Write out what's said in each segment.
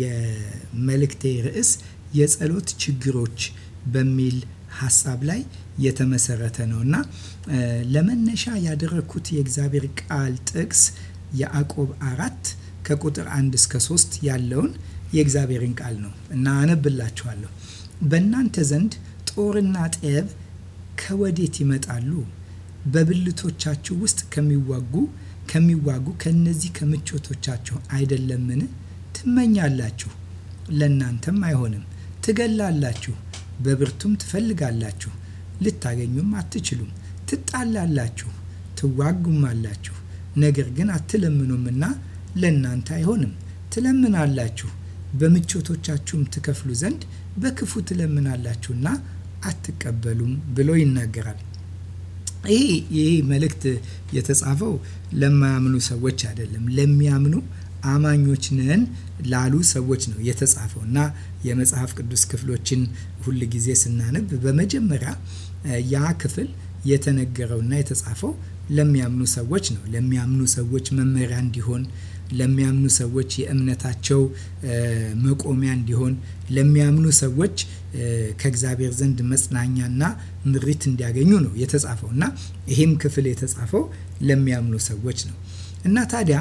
የመልእክቴ ርዕስ የጸሎት ችግሮች በሚል ሀሳብ ላይ የተመሰረተ ነው እና ለመነሻ ያደረግኩት የእግዚአብሔር ቃል ጥቅስ ያዕቆብ አራት ከቁጥር አንድ እስከ ሶስት ያለውን የእግዚአብሔርን ቃል ነው እና አነብላችኋለሁ። በእናንተ ዘንድ ጦርና ጠብ ከወዴት ይመጣሉ? በብልቶቻችሁ ውስጥ ከሚዋጉ ከሚዋጉ ከእነዚህ ከምቾቶቻችሁ አይደለምን? ትመኛላችሁ፣ ለእናንተም አይሆንም። ትገላላችሁ፣ በብርቱም ትፈልጋላችሁ፣ ልታገኙም አትችሉም። ትጣላላችሁ፣ ትዋጉማላችሁ፣ ነገር ግን አትለምኑምና ለእናንተ አይሆንም። ትለምናላችሁ፣ በምቾቶቻችሁም ትከፍሉ ዘንድ በክፉ ትለምናላችሁና አትቀበሉም ብሎ ይናገራል። ይሄ ይሄ መልእክት የተጻፈው ለማያምኑ ሰዎች አይደለም፣ ለሚያምኑ አማኞች ነን ላሉ ሰዎች ነው የተጻፈው እና የመጽሐፍ ቅዱስ ክፍሎችን ሁል ጊዜ ስናነብ በመጀመሪያ ያ ክፍል የተነገረውና የተጻፈው ለሚያምኑ ሰዎች ነው። ለሚያምኑ ሰዎች መመሪያ እንዲሆን፣ ለሚያምኑ ሰዎች የእምነታቸው መቆሚያ እንዲሆን፣ ለሚያምኑ ሰዎች ከእግዚአብሔር ዘንድ መጽናኛና ምሪት እንዲያገኙ ነው የተጻፈው እና ይህም ክፍል የተጻፈው ለሚያምኑ ሰዎች ነው እና ታዲያ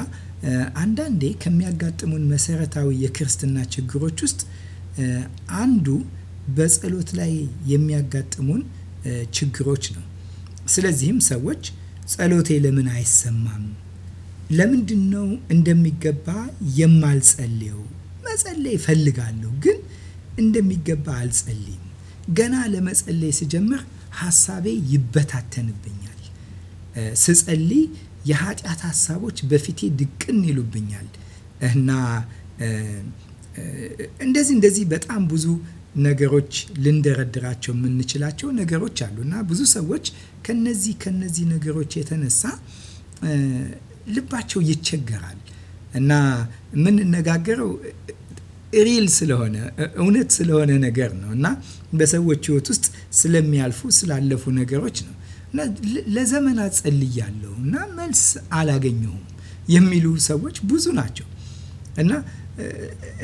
አንዳንዴ ከሚያጋጥሙን መሰረታዊ የክርስትና ችግሮች ውስጥ አንዱ በጸሎት ላይ የሚያጋጥሙን ችግሮች ነው። ስለዚህም ሰዎች ጸሎቴ ለምን አይሰማም? ለምንድን ነው እንደሚገባ የማልጸልየው? መጸለይ ፈልጋለሁ ግን እንደሚገባ አልጸልይም። ገና ለመጸለይ ስጀምር ሀሳቤ ይበታተንብኛል። ስጸልይ የኃጢአት ሀሳቦች በፊቴ ድቅን ይሉብኛል እና እንደዚህ እንደዚህ በጣም ብዙ ነገሮች ልንደረድራቸው የምንችላቸው ነገሮች አሉ እና ብዙ ሰዎች ከነዚህ ከነዚህ ነገሮች የተነሳ ልባቸው ይቸገራል እና የምንነጋገረው ሪል ስለሆነ እውነት ስለሆነ ነገር ነው እና በሰዎች ህይወት ውስጥ ስለሚያልፉ ስላለፉ ነገሮች ነው። ለዘመናት ጸልያለሁ እና መልስ አላገኘሁም የሚሉ ሰዎች ብዙ ናቸው። እና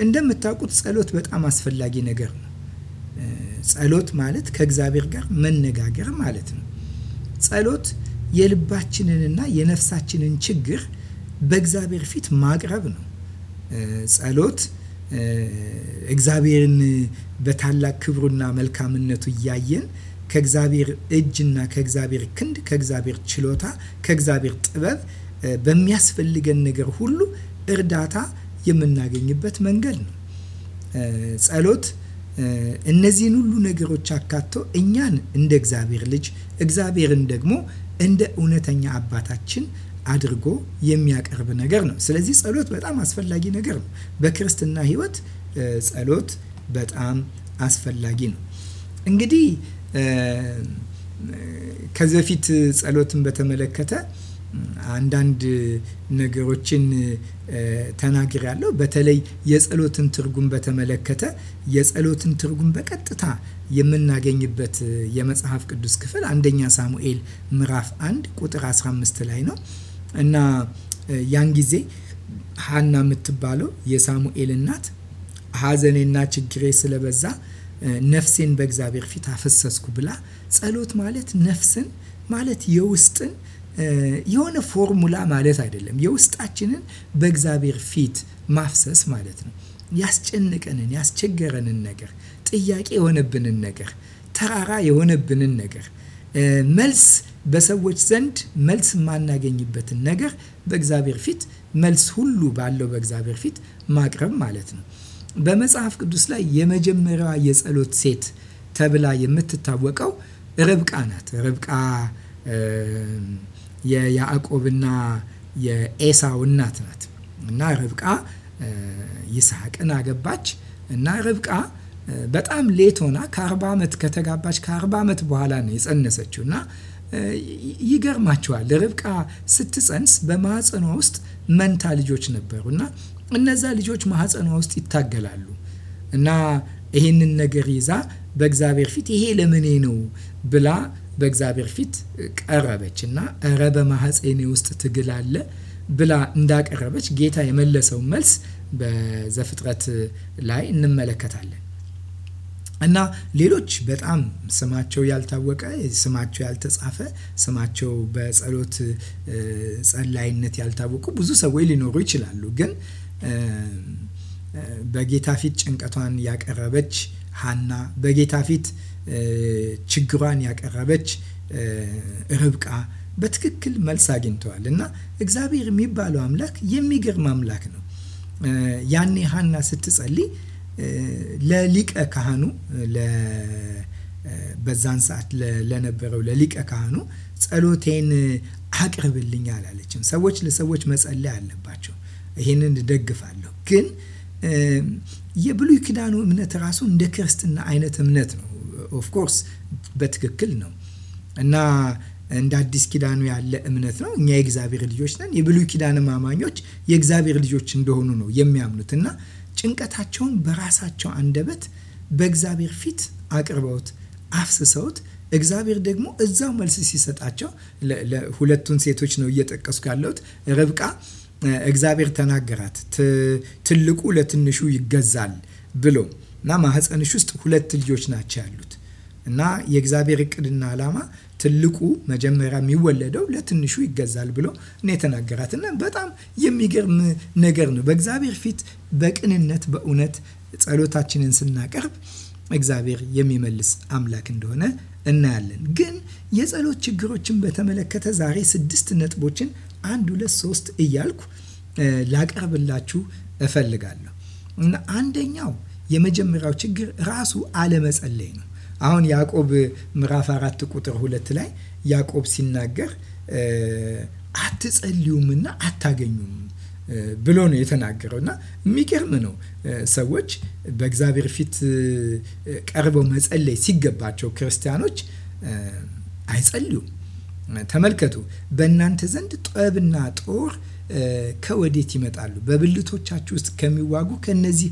እንደምታውቁት ጸሎት በጣም አስፈላጊ ነገር ነው። ጸሎት ማለት ከእግዚአብሔር ጋር መነጋገር ማለት ነው። ጸሎት የልባችንንና የነፍሳችንን ችግር በእግዚአብሔር ፊት ማቅረብ ነው። ጸሎት እግዚአብሔርን በታላቅ ክብሩና መልካምነቱ እያየን ከእግዚአብሔር እጅና ከእግዚአብሔር ክንድ፣ ከእግዚአብሔር ችሎታ፣ ከእግዚአብሔር ጥበብ በሚያስፈልገን ነገር ሁሉ እርዳታ የምናገኝበት መንገድ ነው። ጸሎት እነዚህን ሁሉ ነገሮች አካቶ እኛን እንደ እግዚአብሔር ልጅ እግዚአብሔርን ደግሞ እንደ እውነተኛ አባታችን አድርጎ የሚያቀርብ ነገር ነው። ስለዚህ ጸሎት በጣም አስፈላጊ ነገር ነው። በክርስትና ሕይወት ጸሎት በጣም አስፈላጊ ነው። እንግዲህ ከዚህ በፊት ጸሎትን በተመለከተ አንዳንድ ነገሮችን ተናግር ያለው በተለይ የጸሎትን ትርጉም በተመለከተ የጸሎትን ትርጉም በቀጥታ የምናገኝበት የመጽሐፍ ቅዱስ ክፍል አንደኛ ሳሙኤል ምዕራፍ 1 ቁጥር 15 ላይ ነው እና ያን ጊዜ ሀና የምትባለው የሳሙኤል እናት ሐዘኔና ችግሬ ስለበዛ ነፍሴን በእግዚአብሔር ፊት አፈሰስኩ ብላ ጸሎት ማለት ነፍስን ማለት የውስጥን የሆነ ፎርሙላ ማለት አይደለም። የውስጣችንን በእግዚአብሔር ፊት ማፍሰስ ማለት ነው። ያስጨነቀንን፣ ያስቸገረንን ነገር፣ ጥያቄ የሆነብንን ነገር፣ ተራራ የሆነብንን ነገር፣ መልስ በሰዎች ዘንድ መልስ የማናገኝበትን ነገር በእግዚአብሔር ፊት መልስ ሁሉ ባለው በእግዚአብሔር ፊት ማቅረብ ማለት ነው። በመጽሐፍ ቅዱስ ላይ የመጀመሪያዋ የጸሎት ሴት ተብላ የምትታወቀው ርብቃ ናት። ርብቃ የያዕቆብና የኤሳው እናት ናት እና ርብቃ ይስሐቅን አገባች እና ርብቃ በጣም ሌት ሆና ከ40 ዓመት ከተጋባች ከ40 ዓመት በኋላ ነው የጸነሰችው እና ይገርማቸዋል። ርብቃ ስትጸንስ በማህፀኗ ውስጥ መንታ ልጆች ነበሩ እና እነዛ ልጆች ማህፀኗ ውስጥ ይታገላሉ እና ይህንን ነገር ይዛ በእግዚአብሔር ፊት ይሄ ለምኔ ነው ብላ በእግዚአብሔር ፊት ቀረበች እና እረ በማህፀኔ ውስጥ ትግል አለ ብላ እንዳቀረበች ጌታ የመለሰው መልስ በዘፍጥረት ላይ እንመለከታለን። እና ሌሎች በጣም ስማቸው ያልታወቀ ስማቸው ያልተጻፈ ስማቸው በጸሎት ጸላይነት ያልታወቁ ብዙ ሰዎች ሊኖሩ ይችላሉ ግን በጌታ ፊት ጭንቀቷን ያቀረበች ሀና፣ በጌታ ፊት ችግሯን ያቀረበች ርብቃ በትክክል መልስ አግኝተዋል እና እግዚአብሔር የሚባለው አምላክ የሚገርም አምላክ ነው። ያኔ ሀና ስትጸልይ ለሊቀ ካህኑ በዛን ሰዓት ለነበረው ለሊቀ ካህኑ ጸሎቴን አቅርብልኝ አላለችም። ሰዎች ለሰዎች መጸለይ አለባቸው። ይህንን እደግፋለሁ። ግን የብሉይ ኪዳኑ እምነት ራሱ እንደ ክርስትና አይነት እምነት ነው። ኦፍኮርስ በትክክል ነው እና እንደ አዲስ ኪዳኑ ያለ እምነት ነው። እኛ የእግዚአብሔር ልጆች ነን። የብሉይ ኪዳን አማኞች የእግዚአብሔር ልጆች እንደሆኑ ነው የሚያምኑት እና ጭንቀታቸውን በራሳቸው አንደበት በእግዚአብሔር ፊት አቅርበውት አፍስሰውት እግዚአብሔር ደግሞ እዛው መልስ ሲሰጣቸው፣ ሁለቱን ሴቶች ነው እየጠቀሱ ካለሁት ርብቃ እግዚአብሔር ተናገራት ትልቁ ለትንሹ ይገዛል ብሎ እና ማህፀንሽ ውስጥ ሁለት ልጆች ናቸው ያሉት እና የእግዚአብሔር እቅድና ዓላማ ትልቁ መጀመሪያ የሚወለደው ለትንሹ ይገዛል ብሎ እኔ የተናገራት እና በጣም የሚገርም ነገር ነው። በእግዚአብሔር ፊት በቅንነት በእውነት ጸሎታችንን ስናቀርብ እግዚአብሔር የሚመልስ አምላክ እንደሆነ እናያለን። ግን የጸሎት ችግሮችን በተመለከተ ዛሬ ስድስት ነጥቦችን አንድ ሁለት ሶስት እያልኩ ላቀርብላችሁ እፈልጋለሁ እና አንደኛው የመጀመሪያው ችግር ራሱ አለመጸለይ ነው። አሁን ያዕቆብ ምዕራፍ አራት ቁጥር ሁለት ላይ ያዕቆብ ሲናገር አትጸልዩምና አታገኙም ብሎ ነው የተናገረው እና የሚገርም ነው። ሰዎች በእግዚአብሔር ፊት ቀርበው መጸለይ ሲገባቸው ክርስቲያኖች አይጸልዩም። ተመልከቱ በእናንተ ዘንድ ጠብና ጦር ከወዴት ይመጣሉ? በብልቶቻችሁ ውስጥ ከሚዋጉ ከነዚህ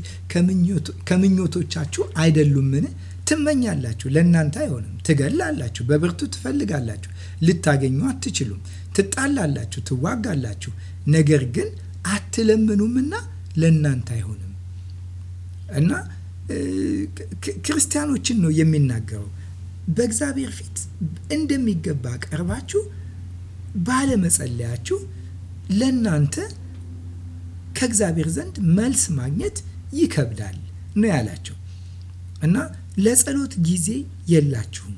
ከምኞቶቻችሁ አይደሉምን? ትመኛላችሁ፣ ለእናንተ አይሆንም። ትገላላችሁ በብርቱ ትፈልጋላችሁ፣ ልታገኙ አትችሉም። ትጣላላችሁ፣ ትዋጋላችሁ፣ ነገር ግን አትለምኑምና ለእናንተ አይሆንም። እና ክርስቲያኖችን ነው የሚናገረው በእግዚአብሔር ፊት እንደሚገባ ቀርባችሁ ባለመጸለያችሁ ለእናንተ ከእግዚአብሔር ዘንድ መልስ ማግኘት ይከብዳል ነው ያላቸው እና ለጸሎት ጊዜ የላችሁም፣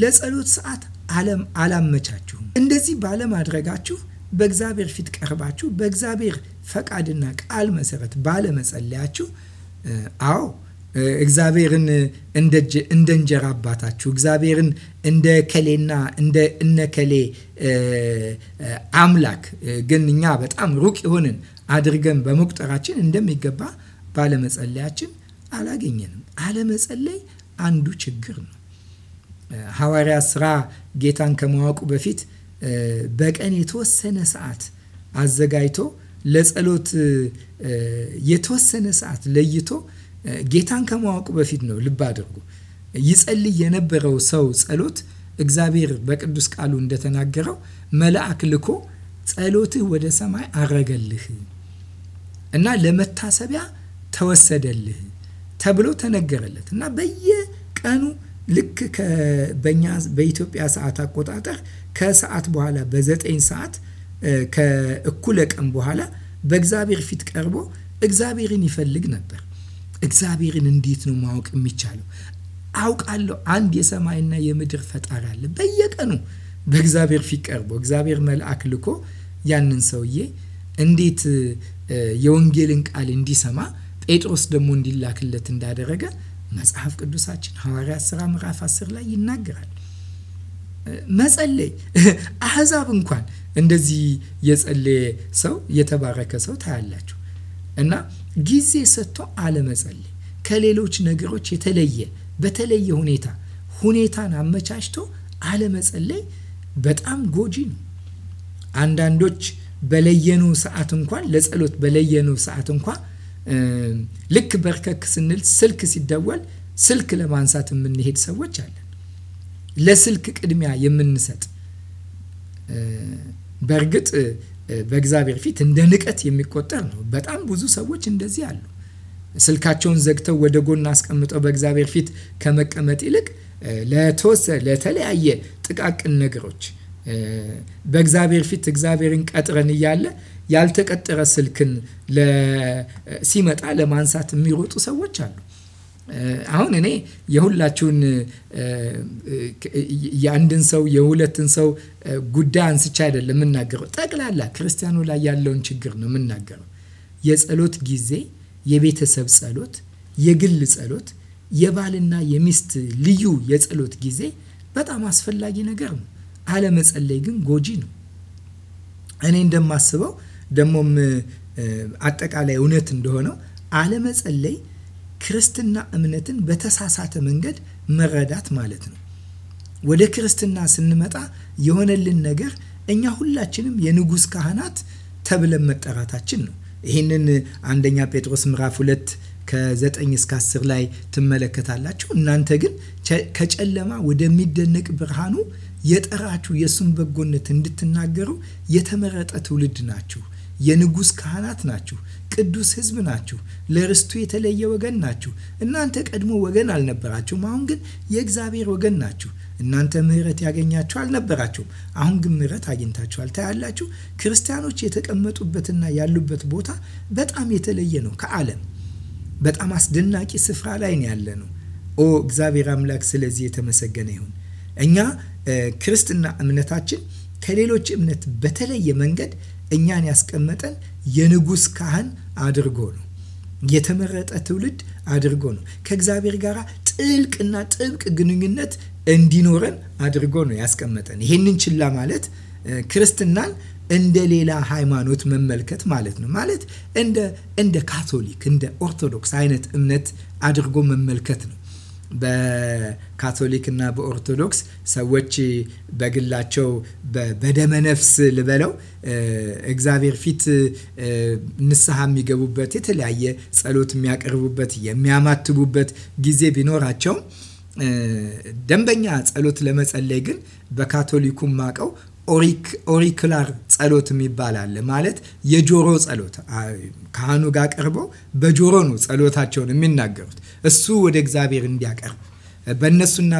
ለጸሎት ሰዓት አለም አላመቻችሁም። እንደዚህ ባለማድረጋችሁ በእግዚአብሔር ፊት ቀርባችሁ በእግዚአብሔር ፈቃድና ቃል መሰረት ባለመጸለያችሁ አዎ እግዚአብሔርን እንደ እንጀራ አባታችሁ እግዚአብሔርን እንደ ከሌና እንደ እነከሌ አምላክ ግን እኛ በጣም ሩቅ የሆንን አድርገን በመቁጠራችን እንደሚገባ ባለመጸለያችን አላገኘንም። አለመጸለይ አንዱ ችግር ነው። ሐዋርያ ስራ ጌታን ከማወቁ በፊት በቀን የተወሰነ ሰዓት አዘጋጅቶ ለጸሎት የተወሰነ ሰዓት ለይቶ ጌታን ከማወቁ በፊት ነው። ልብ አድርጉ። ይጸልይ የነበረው ሰው ጸሎት እግዚአብሔር በቅዱስ ቃሉ እንደተናገረው መልአክ ልኮ ጸሎትህ ወደ ሰማይ አረገልህ እና ለመታሰቢያ ተወሰደልህ ተብሎ ተነገረለት እና በየቀኑ ልክ በኛ በኢትዮጵያ ሰዓት አቆጣጠር ከሰዓት በኋላ በዘጠኝ ሰዓት ከእኩለ ቀን በኋላ በእግዚአብሔር ፊት ቀርቦ እግዚአብሔርን ይፈልግ ነበር። እግዚአብሔርን እንዴት ነው ማወቅ የሚቻለው? አውቃለሁ አንድ የሰማይና የምድር ፈጣሪ አለ። በየቀኑ በእግዚአብሔር ፊት ቀርቦ እግዚአብሔር መልአክ ልኮ ያንን ሰውዬ እንዴት የወንጌልን ቃል እንዲሰማ ጴጥሮስ ደግሞ እንዲላክለት እንዳደረገ መጽሐፍ ቅዱሳችን ሐዋርያት ሥራ ምዕራፍ 10 ላይ ይናገራል። መጸለይ አሕዛብ እንኳን እንደዚህ የጸለየ ሰው የተባረከ ሰው ታያላችሁ። እና ጊዜ ሰጥቶ አለመጸለይ ከሌሎች ነገሮች የተለየ በተለየ ሁኔታ ሁኔታን አመቻችቶ አለመጸለይ በጣም ጎጂ ነው። አንዳንዶች በለየኑ ሰዓት እንኳን ለጸሎት በለየኑ ሰዓት እንኳ ልክ በርከክ ስንል ስልክ ሲደወል ስልክ ለማንሳት የምንሄድ ሰዎች አለን። ለስልክ ቅድሚያ የምንሰጥ በእርግጥ በእግዚአብሔር ፊት እንደ ንቀት የሚቆጠር ነው። በጣም ብዙ ሰዎች እንደዚህ አሉ። ስልካቸውን ዘግተው ወደ ጎን አስቀምጠው በእግዚአብሔር ፊት ከመቀመጥ ይልቅ ለተወሰ ለተለያየ ጥቃቅን ነገሮች በእግዚአብሔር ፊት እግዚአብሔርን ቀጥረን እያለ ያልተቀጠረ ስልክን ሲመጣ ለማንሳት የሚሮጡ ሰዎች አሉ። አሁን እኔ የሁላችሁን የአንድን ሰው የሁለትን ሰው ጉዳይ አንስቻ አይደለም የምናገረው፣ ጠቅላላ ክርስቲያኑ ላይ ያለውን ችግር ነው የምናገረው። የጸሎት ጊዜ፣ የቤተሰብ ጸሎት፣ የግል ጸሎት፣ የባልና የሚስት ልዩ የጸሎት ጊዜ በጣም አስፈላጊ ነገር ነው። አለመጸለይ ግን ጎጂ ነው። እኔ እንደማስበው ደግሞም አጠቃላይ እውነት እንደሆነው አለመጸለይ ክርስትና እምነትን በተሳሳተ መንገድ መረዳት ማለት ነው። ወደ ክርስትና ስንመጣ የሆነልን ነገር እኛ ሁላችንም የንጉሥ ካህናት ተብለን መጠራታችን ነው። ይህንን አንደኛ ጴጥሮስ ምዕራፍ ሁለት ከዘጠኝ እስከ አስር ላይ ትመለከታላችሁ። እናንተ ግን ከጨለማ ወደሚደነቅ ብርሃኑ የጠራችሁ የእሱን በጎነት እንድትናገሩ የተመረጠ ትውልድ ናችሁ የንጉሥ ካህናት ናችሁ፣ ቅዱስ ሕዝብ ናችሁ፣ ለርስቱ የተለየ ወገን ናችሁ። እናንተ ቀድሞ ወገን አልነበራችሁም፣ አሁን ግን የእግዚአብሔር ወገን ናችሁ። እናንተ ምሕረት ያገኛችሁ አልነበራችሁም፣ አሁን ግን ምሕረት አግኝታችኋል። ታያላችሁ፣ ክርስቲያኖች የተቀመጡበትና ያሉበት ቦታ በጣም የተለየ ነው ከዓለም በጣም አስደናቂ ስፍራ ላይ ነው ያለ ነው። ኦ እግዚአብሔር አምላክ ስለዚህ የተመሰገነ ይሁን። እኛ ክርስትና እምነታችን ከሌሎች እምነት በተለየ መንገድ እኛን ያስቀመጠን የንጉስ ካህን አድርጎ ነው። የተመረጠ ትውልድ አድርጎ ነው። ከእግዚአብሔር ጋር ጥልቅና ጥብቅ ግንኙነት እንዲኖረን አድርጎ ነው ያስቀመጠን። ይሄንን ችላ ማለት ክርስትናን እንደ ሌላ ሃይማኖት መመልከት ማለት ነው። ማለት እንደ ካቶሊክ፣ እንደ ኦርቶዶክስ አይነት እምነት አድርጎ መመልከት ነው። በካቶሊክና በኦርቶዶክስ ሰዎች በግላቸው በደመ ነፍስ ልበለው እግዚአብሔር ፊት ንስሐ የሚገቡበት የተለያየ ጸሎት የሚያቀርቡበት የሚያማትቡበት ጊዜ ቢኖራቸውም ደንበኛ ጸሎት ለመጸለይ ግን በካቶሊኩም ማቀው ኦሪክላር ጸሎት የሚባል አለ። ማለት የጆሮ ጸሎት ካህኑ ጋር ቀርበው በጆሮ ነው ጸሎታቸውን የሚናገሩት እሱ ወደ እግዚአብሔር እንዲያቀርብ በነሱና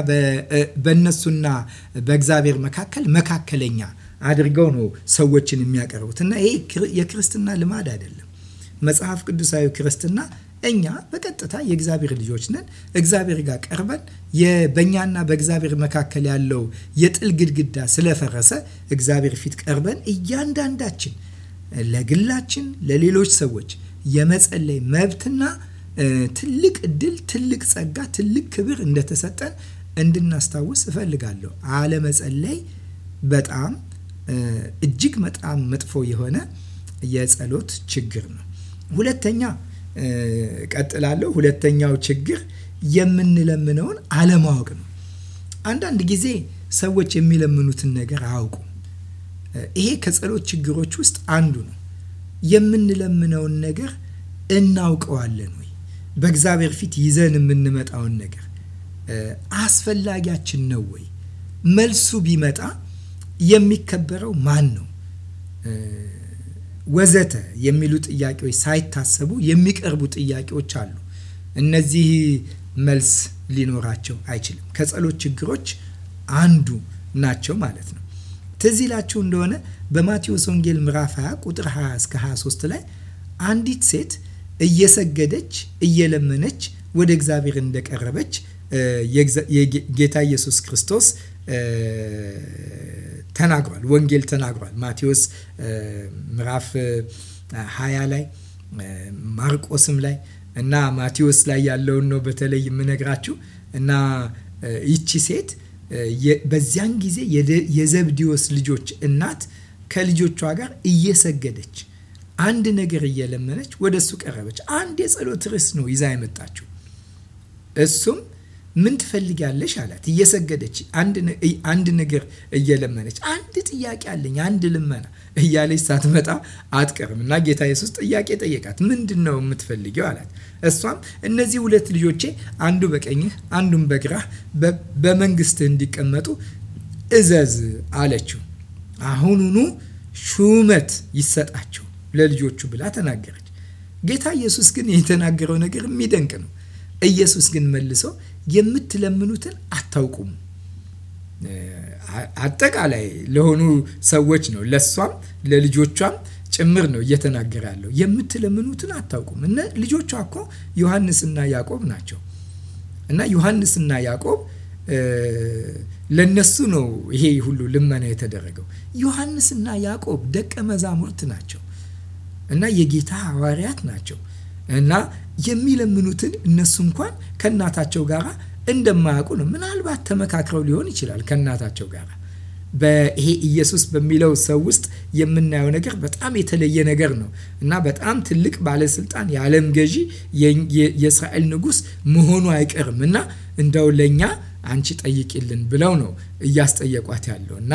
በነሱና በእግዚአብሔር መካከል መካከለኛ አድርገው ነው ሰዎችን የሚያቀርቡት እና ይሄ የክርስትና ልማድ አይደለም። መጽሐፍ ቅዱሳዊ ክርስትና እኛ በቀጥታ የእግዚአብሔር ልጆች ነን። እግዚአብሔር ጋር ቀርበን በእኛና በእግዚአብሔር መካከል ያለው የጥል ግድግዳ ስለፈረሰ እግዚአብሔር ፊት ቀርበን እያንዳንዳችን ለግላችን፣ ለሌሎች ሰዎች የመጸለይ መብትና ትልቅ እድል፣ ትልቅ ጸጋ፣ ትልቅ ክብር እንደተሰጠን እንድናስታውስ እፈልጋለሁ። አለመጸለይ በጣም እጅግ በጣም መጥፎ የሆነ የጸሎት ችግር ነው። ሁለተኛ ቀጥላለሁ። ሁለተኛው ችግር የምንለምነውን አለማወቅ ነው። አንዳንድ ጊዜ ሰዎች የሚለምኑትን ነገር አውቁ ይሄ ከጸሎት ችግሮች ውስጥ አንዱ ነው። የምንለምነውን ነገር እናውቀዋለን ወይ? በእግዚአብሔር ፊት ይዘን የምንመጣውን ነገር አስፈላጊያችን ነው ወይ? መልሱ ቢመጣ የሚከበረው ማን ነው? ወዘተ የሚሉ ጥያቄዎች ሳይታሰቡ የሚቀርቡ ጥያቄዎች አሉ። እነዚህ መልስ ሊኖራቸው አይችልም። ከጸሎት ችግሮች አንዱ ናቸው ማለት ነው። ትዝ ይላችሁ እንደሆነ በማቴዎስ ወንጌል ምዕራፍ 20 ቁጥር 20 እስከ 23 ላይ አንዲት ሴት እየሰገደች እየለመነች ወደ እግዚአብሔር እንደቀረበች የጌታ ኢየሱስ ክርስቶስ ተናግሯል። ወንጌል ተናግሯል። ማቴዎስ ምዕራፍ 20 ላይ ማርቆስም ላይ እና ማቴዎስ ላይ ያለውን ነው በተለይ የምነግራችሁ እና ይቺ ሴት በዚያን ጊዜ የዘብዲዎስ ልጆች እናት ከልጆቿ ጋር እየሰገደች አንድ ነገር እየለመነች ወደ እሱ ቀረበች። አንድ የጸሎት ርዕስ ነው ይዛ የመጣችው። እሱም ምን ትፈልጊያለሽ አላት። እየሰገደች አንድ ነገር እየለመነች አንድ ጥያቄ አለኝ አንድ ልመና እያለች ሳትመጣ አትቀርም እና ጌታ ኢየሱስ ጥያቄ ጠየቃት። ምንድን ነው የምትፈልጊው አላት። እሷም እነዚህ ሁለት ልጆቼ አንዱ በቀኝህ አንዱን በግራህ በመንግስትህ እንዲቀመጡ እዘዝ አለችው። አሁኑኑ ሹመት ይሰጣቸው ለልጆቹ ብላ ተናገረች። ጌታ ኢየሱስ ግን የተናገረው ነገር የሚደንቅ ነው። ኢየሱስ ግን መልሶ የምትለምኑትን አታውቁም። አጠቃላይ ለሆኑ ሰዎች ነው፣ ለእሷም ለልጆቿም ጭምር ነው እየተናገረ ያለው። የምትለምኑትን አታውቁም። እነ ልጆቿ እኮ ዮሐንስና ያዕቆብ ናቸው እና ዮሐንስና ያዕቆብ ለነሱ ነው ይሄ ሁሉ ልመና የተደረገው። ዮሐንስና ያዕቆብ ደቀ መዛሙርት ናቸው እና የጌታ ሐዋርያት ናቸው እና የሚለምኑትን እነሱ እንኳን ከእናታቸው ጋር እንደማያውቁ ነው። ምናልባት ተመካክረው ሊሆን ይችላል ከእናታቸው ጋር። ይሄ ኢየሱስ በሚለው ሰው ውስጥ የምናየው ነገር በጣም የተለየ ነገር ነው እና በጣም ትልቅ ባለስልጣን፣ የዓለም ገዢ፣ የእስራኤል ንጉስ መሆኑ አይቀርም እና እንደው ለእኛ አንቺ ጠይቂልን ብለው ነው እያስጠየቋት ያለው እና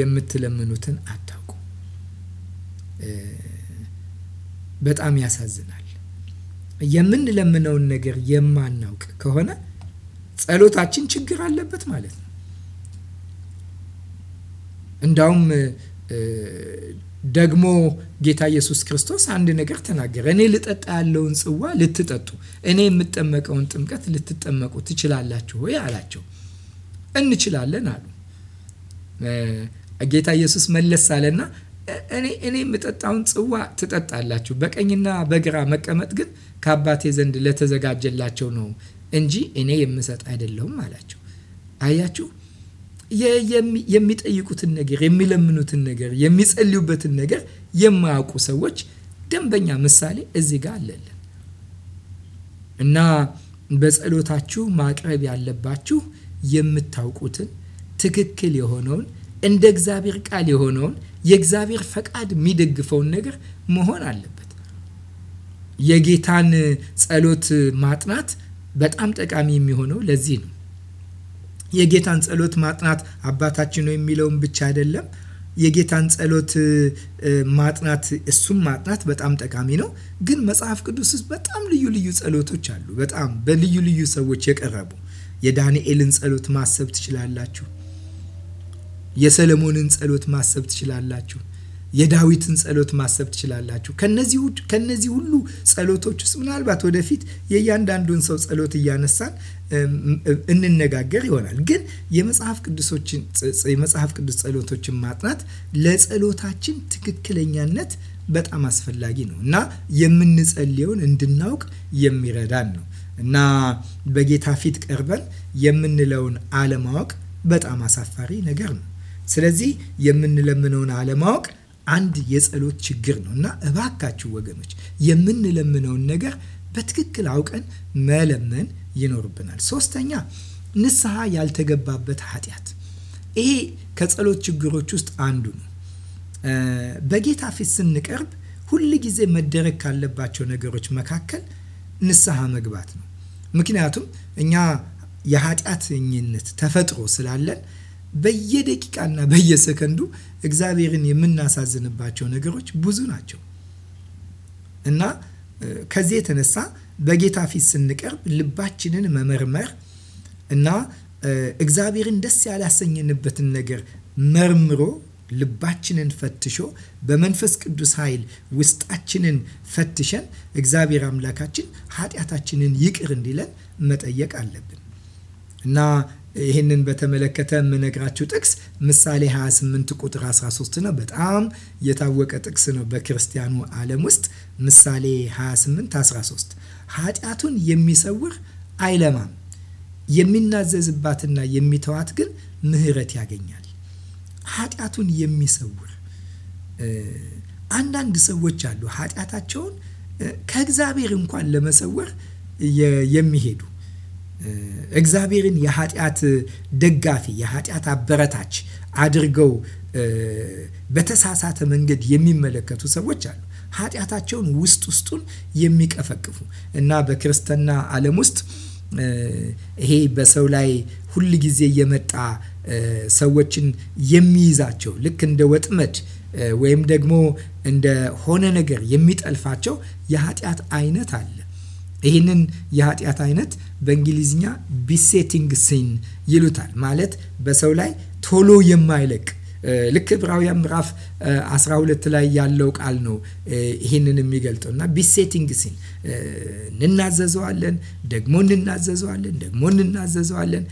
የምትለምኑትን አታውቁ። በጣም ያሳዝናል። የምንለምነውን ነገር የማናውቅ ከሆነ ጸሎታችን ችግር አለበት ማለት ነው። እንዳውም ደግሞ ጌታ ኢየሱስ ክርስቶስ አንድ ነገር ተናገረ። እኔ ልጠጣ ያለውን ጽዋ ልትጠጡ፣ እኔ የምጠመቀውን ጥምቀት ልትጠመቁ ትችላላችሁ ወይ አላቸው። እንችላለን አሉ። ጌታ ኢየሱስ መለስ አለና እኔ እኔ የምጠጣውን ጽዋ ትጠጣላችሁ፣ በቀኝና በግራ መቀመጥ ግን ከአባቴ ዘንድ ለተዘጋጀላቸው ነው እንጂ እኔ የምሰጥ አይደለሁም አላቸው። አያችሁ፣ የሚጠይቁትን ነገር፣ የሚለምኑትን ነገር፣ የሚጸልዩበትን ነገር የማያውቁ ሰዎች ደንበኛ ምሳሌ እዚህ ጋር አለለን እና በጸሎታችሁ ማቅረብ ያለባችሁ የምታውቁትን ትክክል የሆነውን እንደ እግዚአብሔር ቃል የሆነውን የእግዚአብሔር ፈቃድ የሚደግፈውን ነገር መሆን አለበት። የጌታን ጸሎት ማጥናት በጣም ጠቃሚ የሚሆነው ለዚህ ነው። የጌታን ጸሎት ማጥናት አባታችን ነው የሚለውን ብቻ አይደለም። የጌታን ጸሎት ማጥናት እሱም ማጥናት በጣም ጠቃሚ ነው። ግን መጽሐፍ ቅዱስ ውስጥ በጣም ልዩ ልዩ ጸሎቶች አሉ። በጣም በልዩ ልዩ ሰዎች የቀረቡ የዳንኤልን ጸሎት ማሰብ ትችላላችሁ። የሰለሞንን ጸሎት ማሰብ ትችላላችሁ። የዳዊትን ጸሎት ማሰብ ትችላላችሁ። ከነዚህ ሁሉ ጸሎቶች ውስጥ ምናልባት ወደፊት የእያንዳንዱን ሰው ጸሎት እያነሳን እንነጋገር ይሆናል። ግን የመጽሐፍ ቅዱስ ጸሎቶችን ማጥናት ለጸሎታችን ትክክለኛነት በጣም አስፈላጊ ነው እና የምንጸልየውን እንድናውቅ የሚረዳን ነው እና በጌታ ፊት ቀርበን የምንለውን አለማወቅ በጣም አሳፋሪ ነገር ነው። ስለዚህ የምንለምነውን አለማወቅ አንድ የጸሎት ችግር ነው እና እባካችሁ ወገኖች የምንለምነውን ነገር በትክክል አውቀን መለመን ይኖርብናል። ሶስተኛ ንስሐ ያልተገባበት ኃጢአት፣ ይሄ ከጸሎት ችግሮች ውስጥ አንዱ ነው። በጌታ ፊት ስንቀርብ ሁል ጊዜ መደረግ ካለባቸው ነገሮች መካከል ንስሐ መግባት ነው። ምክንያቱም እኛ የኃጢአተኝነት ተፈጥሮ ስላለን በየደቂቃና በየሰከንዱ እግዚአብሔርን የምናሳዝንባቸው ነገሮች ብዙ ናቸው እና ከዚህ የተነሳ በጌታ ፊት ስንቀርብ ልባችንን መመርመር እና እግዚአብሔርን ደስ ያላሰኘንበትን ነገር መርምሮ ልባችንን ፈትሾ በመንፈስ ቅዱስ ኃይል ውስጣችንን ፈትሸን እግዚአብሔር አምላካችን ኃጢአታችንን ይቅር እንዲለን መጠየቅ አለብን እና ይህንን በተመለከተ የምነግራችሁ ጥቅስ ምሳሌ 28 ቁጥር 13 ነው። በጣም የታወቀ ጥቅስ ነው በክርስቲያኑ ዓለም ውስጥ ምሳሌ 28 13 ኃጢአቱን የሚሰውር አይለማም፣ የሚናዘዝባትና የሚተዋት ግን ምሕረት ያገኛል። ኃጢአቱን የሚሰውር አንዳንድ ሰዎች አሉ ኃጢአታቸውን ከእግዚአብሔር እንኳን ለመሰወር የሚሄዱ እግዚአብሔርን የኃጢአት ደጋፊ የኃጢአት አበረታች አድርገው በተሳሳተ መንገድ የሚመለከቱ ሰዎች አሉ። ኃጢአታቸውን ውስጥ ውስጡን የሚቀፈቅፉ እና በክርስትና ዓለም ውስጥ ይሄ በሰው ላይ ሁል ጊዜ የመጣ ሰዎችን የሚይዛቸው ልክ እንደ ወጥመድ ወይም ደግሞ እንደ ሆነ ነገር የሚጠልፋቸው የኃጢአት አይነት አለ። ይህንን የኃጢአት አይነት በእንግሊዝኛ ቢሴቲንግ ሲን ይሉታል። ማለት በሰው ላይ ቶሎ የማይለቅ ልክ ዕብራውያን ምዕራፍ 12 ላይ ያለው ቃል ነው ይህንን የሚገልጠው እና ቢሴቲንግ ሲን እንናዘዘዋለን፣ ደግሞ እንናዘዘዋለን፣ ደግሞ እንናዘዘዋለን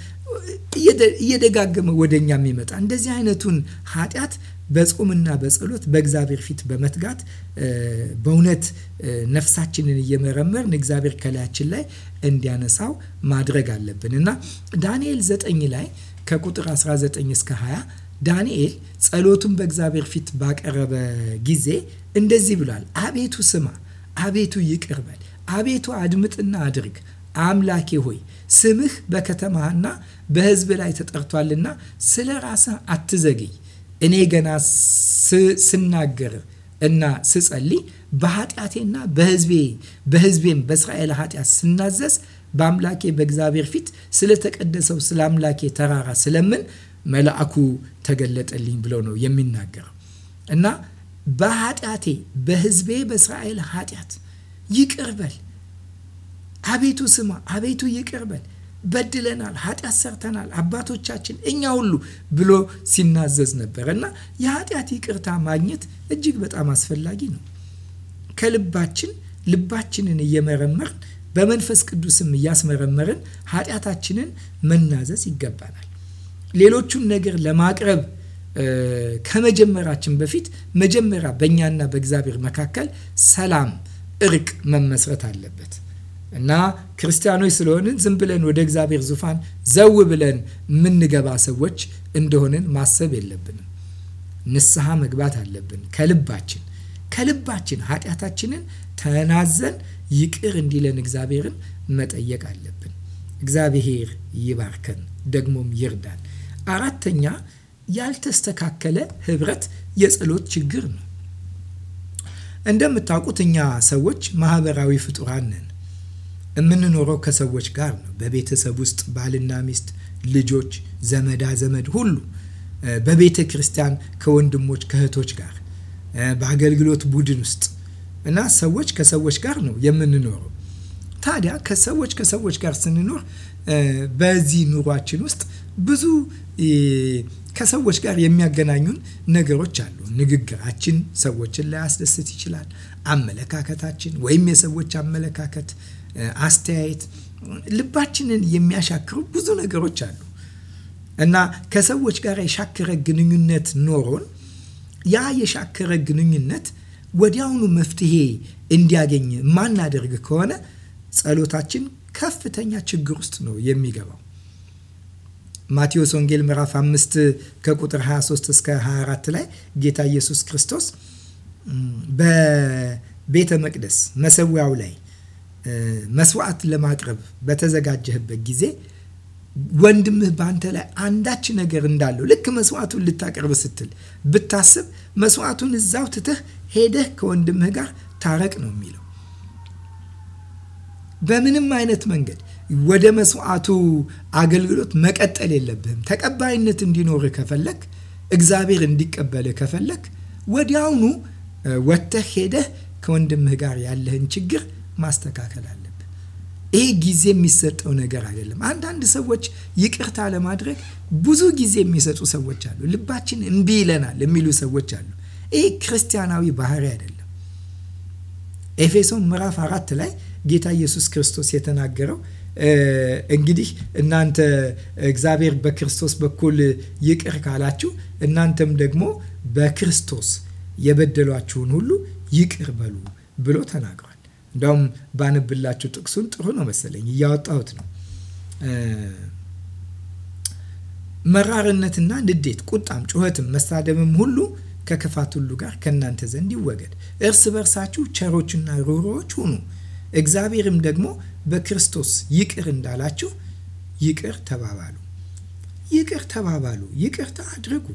እየደጋገመ ወደ እኛ የሚመጣ እንደዚህ አይነቱን ኃጢአት በጾምና በጸሎት በእግዚአብሔር ፊት በመትጋት በእውነት ነፍሳችንን እየመረመርን እግዚአብሔር ከላያችን ላይ እንዲያነሳው ማድረግ አለብን እና ዳንኤል 9 ላይ ከቁጥር 19 እስከ 20 ዳንኤል ጸሎቱን በእግዚአብሔር ፊት ባቀረበ ጊዜ እንደዚህ ብሏል። አቤቱ ስማ፣ አቤቱ ይቅር በል፣ አቤቱ አድምጥና አድርግ። አምላኬ ሆይ ስምህ በከተማና በሕዝብ ላይ ተጠርቷልና ስለ ራስህ አትዘግይ። እኔ ገና ስናገር እና ስጸልይ በኃጢአቴና በህዝቤ በህዝቤም በእስራኤል ኃጢአት ስናዘዝ በአምላኬ በእግዚአብሔር ፊት ስለተቀደሰው ስለ አምላኬ ተራራ ስለምን መልአኩ ተገለጠልኝ ብሎ ነው የሚናገረው እና በኃጢአቴ በህዝቤ በእስራኤል ኃጢአት ይቅርበል አቤቱ ስማ፣ አቤቱ ይቅርበል በድለናል፣ ኃጢአት ሰርተናል፣ አባቶቻችን፣ እኛ ሁሉ ብሎ ሲናዘዝ ነበር እና የኃጢአት ይቅርታ ማግኘት እጅግ በጣም አስፈላጊ ነው። ከልባችን ልባችንን እየመረመርን በመንፈስ ቅዱስም እያስመረመርን ኃጢአታችንን መናዘዝ ይገባናል። ሌሎቹን ነገር ለማቅረብ ከመጀመራችን በፊት መጀመሪያ በእኛና በእግዚአብሔር መካከል ሰላም፣ እርቅ መመስረት አለበት። እና ክርስቲያኖች ስለሆንን ዝም ብለን ወደ እግዚአብሔር ዙፋን ዘው ብለን የምንገባ ሰዎች እንደሆንን ማሰብ የለብንም። ንስሐ መግባት አለብን። ከልባችን ከልባችን ኃጢአታችንን ተናዘን ይቅር እንዲለን እግዚአብሔርን መጠየቅ አለብን። እግዚአብሔር ይባርከን ደግሞም ይርዳን። አራተኛ ያልተስተካከለ ህብረት የጸሎት ችግር ነው። እንደምታውቁት እኛ ሰዎች ማህበራዊ ፍጡራን ነን። የምንኖረው ከሰዎች ጋር ነው። በቤተሰብ ውስጥ ባልና ሚስት፣ ልጆች፣ ዘመዳ ዘመድ ሁሉ በቤተ ክርስቲያን ከወንድሞች ከእህቶች ጋር በአገልግሎት ቡድን ውስጥ እና ሰዎች ከሰዎች ጋር ነው የምንኖረው። ታዲያ ከሰዎች ከሰዎች ጋር ስንኖር በዚህ ኑሯችን ውስጥ ብዙ ከሰዎች ጋር የሚያገናኙን ነገሮች አሉ። ንግግራችን ሰዎችን ላያስደስት ይችላል። አመለካከታችን ወይም የሰዎች አመለካከት አስተያየት ልባችንን የሚያሻክሩ ብዙ ነገሮች አሉ እና ከሰዎች ጋር የሻከረ ግንኙነት ኖሮን ያ የሻከረ ግንኙነት ወዲያውኑ መፍትሄ እንዲያገኝ ማናደርግ ከሆነ ጸሎታችን ከፍተኛ ችግር ውስጥ ነው የሚገባው። ማቴዎስ ወንጌል ምዕራፍ 5 ከቁጥር 23 እስከ 24 ላይ ጌታ ኢየሱስ ክርስቶስ በቤተ መቅደስ መሰዊያው ላይ መስዋዕት ለማቅረብ በተዘጋጀህበት ጊዜ ወንድምህ በአንተ ላይ አንዳች ነገር እንዳለው ልክ መስዋዕቱን ልታቀርብ ስትል ብታስብ መስዋዕቱን እዛው ትተህ ሄደህ ከወንድምህ ጋር ታረቅ ነው የሚለው። በምንም አይነት መንገድ ወደ መስዋዕቱ አገልግሎት መቀጠል የለብህም። ተቀባይነት እንዲኖርህ ከፈለክ፣ እግዚአብሔር እንዲቀበልህ ከፈለክ፣ ወዲያውኑ ወጥተህ ሄደህ ከወንድምህ ጋር ያለህን ችግር ማስተካከል አለብን። ይሄ ጊዜ የሚሰጠው ነገር አይደለም። አንዳንድ ሰዎች ይቅርታ ለማድረግ ብዙ ጊዜ የሚሰጡ ሰዎች አሉ። ልባችን እምቢ ይለናል የሚሉ ሰዎች አሉ። ይህ ክርስቲያናዊ ባህሪ አይደለም። ኤፌሶን ምዕራፍ አራት ላይ ጌታ ኢየሱስ ክርስቶስ የተናገረው እንግዲህ እናንተ እግዚአብሔር በክርስቶስ በኩል ይቅር ካላችሁ እናንተም ደግሞ በክርስቶስ የበደሏችሁን ሁሉ ይቅር በሉ ብሎ ተናግሯል። እንዳውም ባንብላችሁ ጥቅሱን ጥሩ ነው መሰለኝ እያወጣሁት ነው። መራርነትና ንዴት፣ ቁጣም፣ ጩኸትም፣ መሳደብም ሁሉ ከክፋት ሁሉ ጋር ከእናንተ ዘንድ ይወገድ። እርስ በርሳችሁ ቸሮችና ሩሮዎች ሁኑ፣ እግዚአብሔርም ደግሞ በክርስቶስ ይቅር እንዳላችሁ ይቅር ተባባሉ። ይቅር ተባባሉ። ይቅርታ አድርጉ።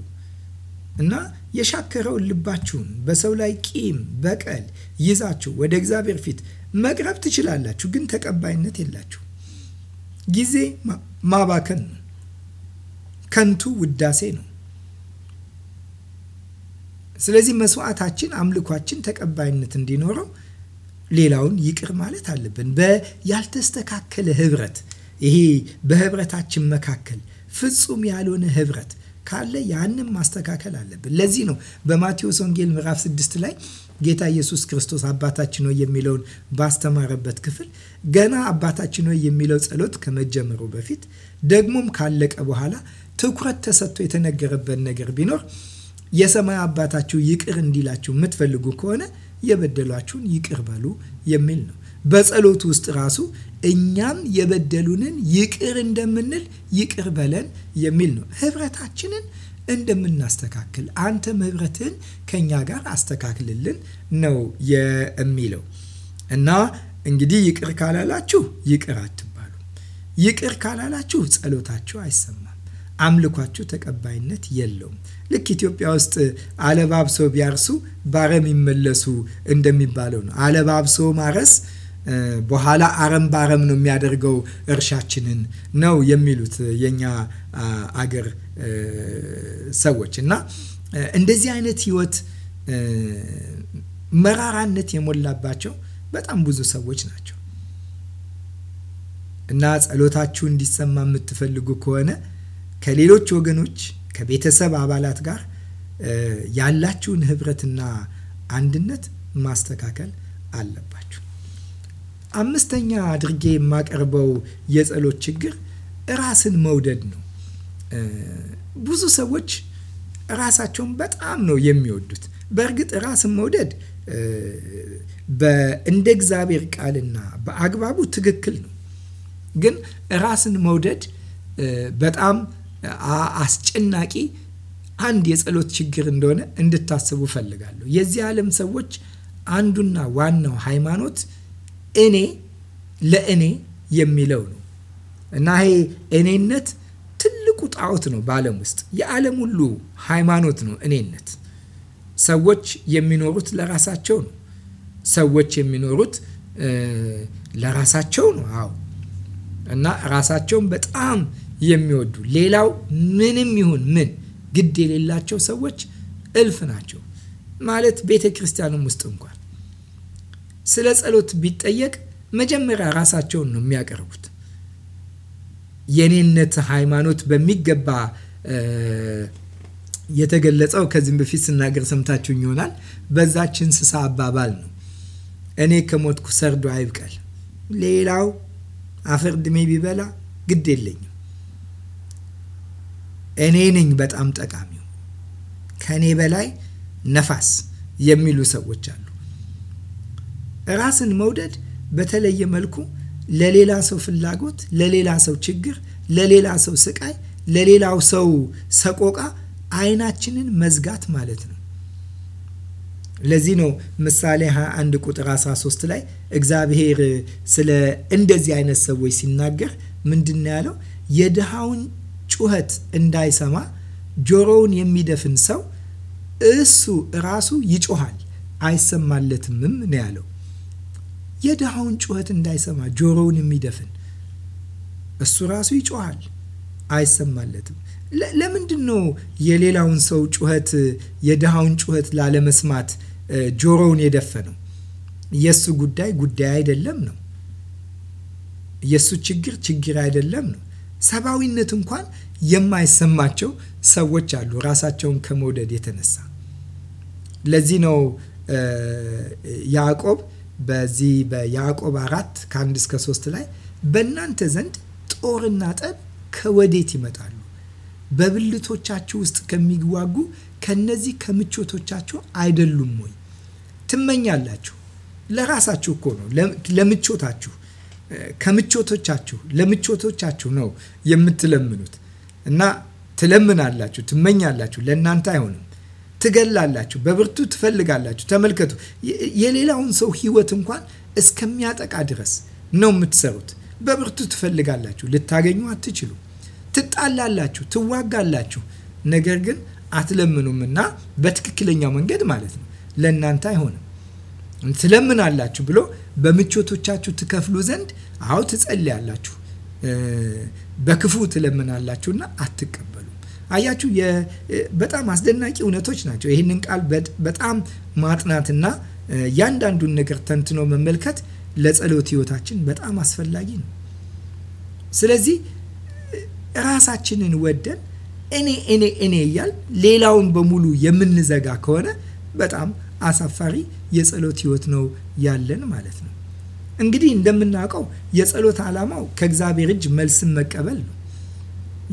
እና የሻከረውን ልባችሁን በሰው ላይ ቂም፣ በቀል ይዛችሁ ወደ እግዚአብሔር ፊት መቅረብ ትችላላችሁ፣ ግን ተቀባይነት የላችሁ። ጊዜ ማባከን ነው። ከንቱ ውዳሴ ነው። ስለዚህ መስዋዕታችን፣ አምልኳችን ተቀባይነት እንዲኖረው ሌላውን ይቅር ማለት አለብን። ያልተስተካከለ ህብረት፣ ይሄ በህብረታችን መካከል ፍጹም ያልሆነ ህብረት ካለ ያንም ማስተካከል አለብን። ለዚህ ነው በማቴዎስ ወንጌል ምዕራፍ 6 ላይ ጌታ ኢየሱስ ክርስቶስ አባታችን ሆይ የሚለውን ባስተማረበት ክፍል ገና አባታችን ሆይ የሚለው ጸሎት ከመጀመሩ በፊት ደግሞም ካለቀ በኋላ ትኩረት ተሰጥቶ የተነገረበት ነገር ቢኖር የሰማይ አባታችሁ ይቅር እንዲላችሁ የምትፈልጉ ከሆነ የበደሏችሁን ይቅር በሉ የሚል ነው። በጸሎት ውስጥ ራሱ እኛም የበደሉንን ይቅር እንደምንል ይቅር በለን የሚል ነው። ህብረታችንን እንደምናስተካክል አንተም ህብረትህን ከኛ ጋር አስተካክልልን ነው የሚለው እና እንግዲህ ይቅር ካላላችሁ ይቅር አትባሉ። ይቅር ካላላችሁ ጸሎታችሁ አይሰማም፣ አምልኳችሁ ተቀባይነት የለውም። ልክ ኢትዮጵያ ውስጥ አለባብሶ ቢያርሱ ባረም ይመለሱ እንደሚባለው ነው። አለባብሶ ማረስ በኋላ አረም በአረም ነው የሚያደርገው እርሻችንን ነው የሚሉት የኛ አገር ሰዎች እና እንደዚህ አይነት ህይወት መራራነት የሞላባቸው በጣም ብዙ ሰዎች ናቸው እና ጸሎታችሁ እንዲሰማ የምትፈልጉ ከሆነ ከሌሎች ወገኖች ከቤተሰብ አባላት ጋር ያላችሁን ህብረትና አንድነት ማስተካከል አለበት። አምስተኛ አድርጌ የማቀርበው የጸሎት ችግር ራስን መውደድ ነው። ብዙ ሰዎች ራሳቸውን በጣም ነው የሚወዱት። በእርግጥ ራስን መውደድ እንደ እግዚአብሔር ቃልና በአግባቡ ትክክል ነው። ግን ራስን መውደድ በጣም አስጨናቂ አንድ የጸሎት ችግር እንደሆነ እንድታስቡ ፈልጋለሁ። የዚህ ዓለም ሰዎች አንዱና ዋናው ሃይማኖት እኔ ለእኔ የሚለው ነው እና ይሄ እኔነት ትልቁ ጣዖት ነው በዓለም ውስጥ። የዓለም ሁሉ ሃይማኖት ነው እኔነት። ሰዎች የሚኖሩት ለራሳቸው ነው። ሰዎች የሚኖሩት ለራሳቸው ነው። አዎ እና ራሳቸውን በጣም የሚወዱ ሌላው ምንም ይሁን ምን ግድ የሌላቸው ሰዎች እልፍ ናቸው። ማለት ቤተ ክርስቲያንም ውስጥ እንኳን ስለ ጸሎት ቢጠየቅ መጀመሪያ ራሳቸውን ነው የሚያቀርቡት። የኔነት ሃይማኖት በሚገባ የተገለጸው ከዚህም በፊት ስናገር ሰምታችሁኝ ይሆናል። በዛች እንስሳ አባባል ነው። እኔ ከሞትኩ ሰርዶ አይብቀል፣ ሌላው አፈር ድሜ ቢበላ ግድ የለኝም። እኔ ነኝ በጣም ጠቃሚው፣ ከእኔ በላይ ነፋስ የሚሉ ሰዎች አሉ። ራስን መውደድ በተለየ መልኩ ለሌላ ሰው ፍላጎት፣ ለሌላ ሰው ችግር፣ ለሌላ ሰው ስቃይ፣ ለሌላው ሰው ሰቆቃ አይናችንን መዝጋት ማለት ነው። ለዚህ ነው ምሳሌ 21 ቁጥር 13 ላይ እግዚአብሔር ስለ እንደዚህ አይነት ሰዎች ሲናገር ምንድን ያለው? የድሃውን ጩኸት እንዳይሰማ ጆሮውን የሚደፍን ሰው እሱ ራሱ ይጮሃል አይሰማለትምም ነው ያለው። የድሃውን ጩኸት እንዳይሰማ ጆሮውን የሚደፍን እሱ ራሱ ይጮሃል፣ አይሰማለትም። ለምንድን ነው የሌላውን ሰው ጩኸት የድሃውን ጩኸት ላለመስማት ጆሮውን የደፈነው? የእሱ ጉዳይ ጉዳይ አይደለም ነው። የእሱ ችግር ችግር አይደለም ነው። ሰብአዊነት እንኳን የማይሰማቸው ሰዎች አሉ፣ ራሳቸውን ከመውደድ የተነሳ ለዚህ ነው ያዕቆብ በዚህ በያዕቆብ አራት ከአንድ እስከ ሶስት ላይ በእናንተ ዘንድ ጦርና ጠብ ከወዴት ይመጣሉ? በብልቶቻችሁ ውስጥ ከሚዋጉ ከነዚህ ከምቾቶቻችሁ አይደሉም ወይ? ትመኛላችሁ። ለራሳችሁ እኮ ነው፣ ለምቾታችሁ ከምቾቶቻችሁ ለምቾቶቻችሁ ነው የምትለምኑት እና ትለምናላችሁ፣ ትመኛላችሁ። ለእናንተ አይሆንም። ትገላላችሁ፣ በብርቱ ትፈልጋላችሁ። ተመልከቱ፣ የሌላውን ሰው ህይወት እንኳን እስከሚያጠቃ ድረስ ነው የምትሰሩት። በብርቱ ትፈልጋላችሁ፣ ልታገኙ አትችሉ፣ ትጣላላችሁ፣ ትዋጋላችሁ። ነገር ግን አትለምኑም እና በትክክለኛው መንገድ ማለት ነው ለእናንተ አይሆንም። ትለምናላችሁ ብሎ በምቾቶቻችሁ ትከፍሉ ዘንድ አዎ ትጸልያላችሁ፣ በክፉ ትለምናላችሁና አትቀበሉ አያችሁ፣ በጣም አስደናቂ እውነቶች ናቸው። ይህንን ቃል በጣም ማጥናትና ያንዳንዱን ነገር ተንትኖ መመልከት ለጸሎት ህይወታችን በጣም አስፈላጊ ነው። ስለዚህ ራሳችንን ወደን እኔ እኔ እኔ እያል ሌላውን በሙሉ የምንዘጋ ከሆነ በጣም አሳፋሪ የጸሎት ህይወት ነው ያለን ማለት ነው። እንግዲህ እንደምናውቀው የጸሎት ዓላማው ከእግዚአብሔር እጅ መልስን መቀበል ነው።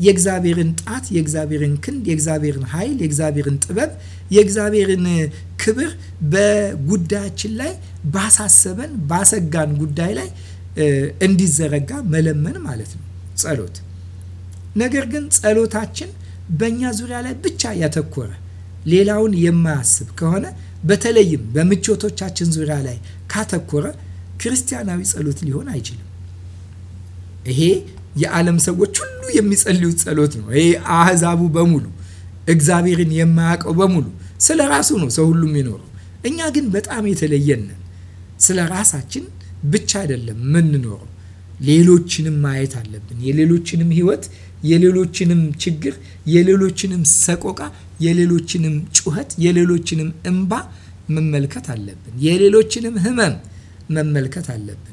የእግዚአብሔርን ጣት፣ የእግዚአብሔርን ክንድ፣ የእግዚአብሔርን ኃይል፣ የእግዚአብሔርን ጥበብ፣ የእግዚአብሔርን ክብር በጉዳያችን ላይ ባሳሰበን ባሰጋን ጉዳይ ላይ እንዲዘረጋ መለመን ማለት ነው ጸሎት። ነገር ግን ጸሎታችን በእኛ ዙሪያ ላይ ብቻ ያተኮረ ሌላውን የማያስብ ከሆነ በተለይም በምቾቶቻችን ዙሪያ ላይ ካተኮረ ክርስቲያናዊ ጸሎት ሊሆን አይችልም። ይሄ የዓለም ሰዎች ሁሉ የሚጸልዩት ጸሎት ነው። ይሄ አህዛቡ በሙሉ እግዚአብሔርን የማያውቀው በሙሉ ስለ ራሱ ነው ሰው ሁሉ የሚኖረው። እኛ ግን በጣም የተለየን ስለ ራሳችን ብቻ አይደለም የምንኖረው፣ ሌሎችንም ማየት አለብን። የሌሎችንም ህይወት፣ የሌሎችንም ችግር፣ የሌሎችንም ሰቆቃ፣ የሌሎችንም ጩኸት፣ የሌሎችንም እንባ መመልከት አለብን። የሌሎችንም ህመም መመልከት አለብን።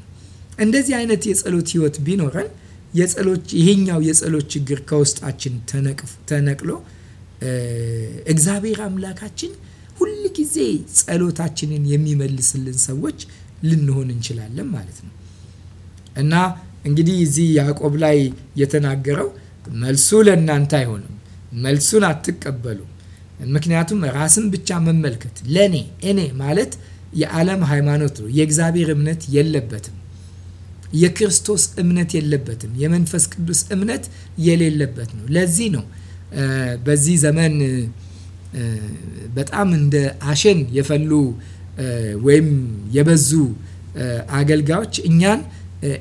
እንደዚህ አይነት የጸሎት ህይወት ቢኖረን የጸሎች ይሄኛው የጸሎት ችግር ከውስጣችን ተነቅሎ እግዚአብሔር አምላካችን ሁል ጊዜ ጸሎታችንን የሚመልስልን ሰዎች ልንሆን እንችላለን ማለት ነው እና እንግዲህ እዚህ ያዕቆብ ላይ የተናገረው መልሱ ለእናንተ አይሆንም፣ መልሱን አትቀበሉ ምክንያቱም ራስን ብቻ መመልከት ለእኔ እኔ ማለት የዓለም ሃይማኖት ነው። የእግዚአብሔር እምነት የለበትም። የክርስቶስ እምነት የለበትም። የመንፈስ ቅዱስ እምነት የሌለበት ነው። ለዚህ ነው በዚህ ዘመን በጣም እንደ አሸን የፈሉ ወይም የበዙ አገልጋዮች እኛን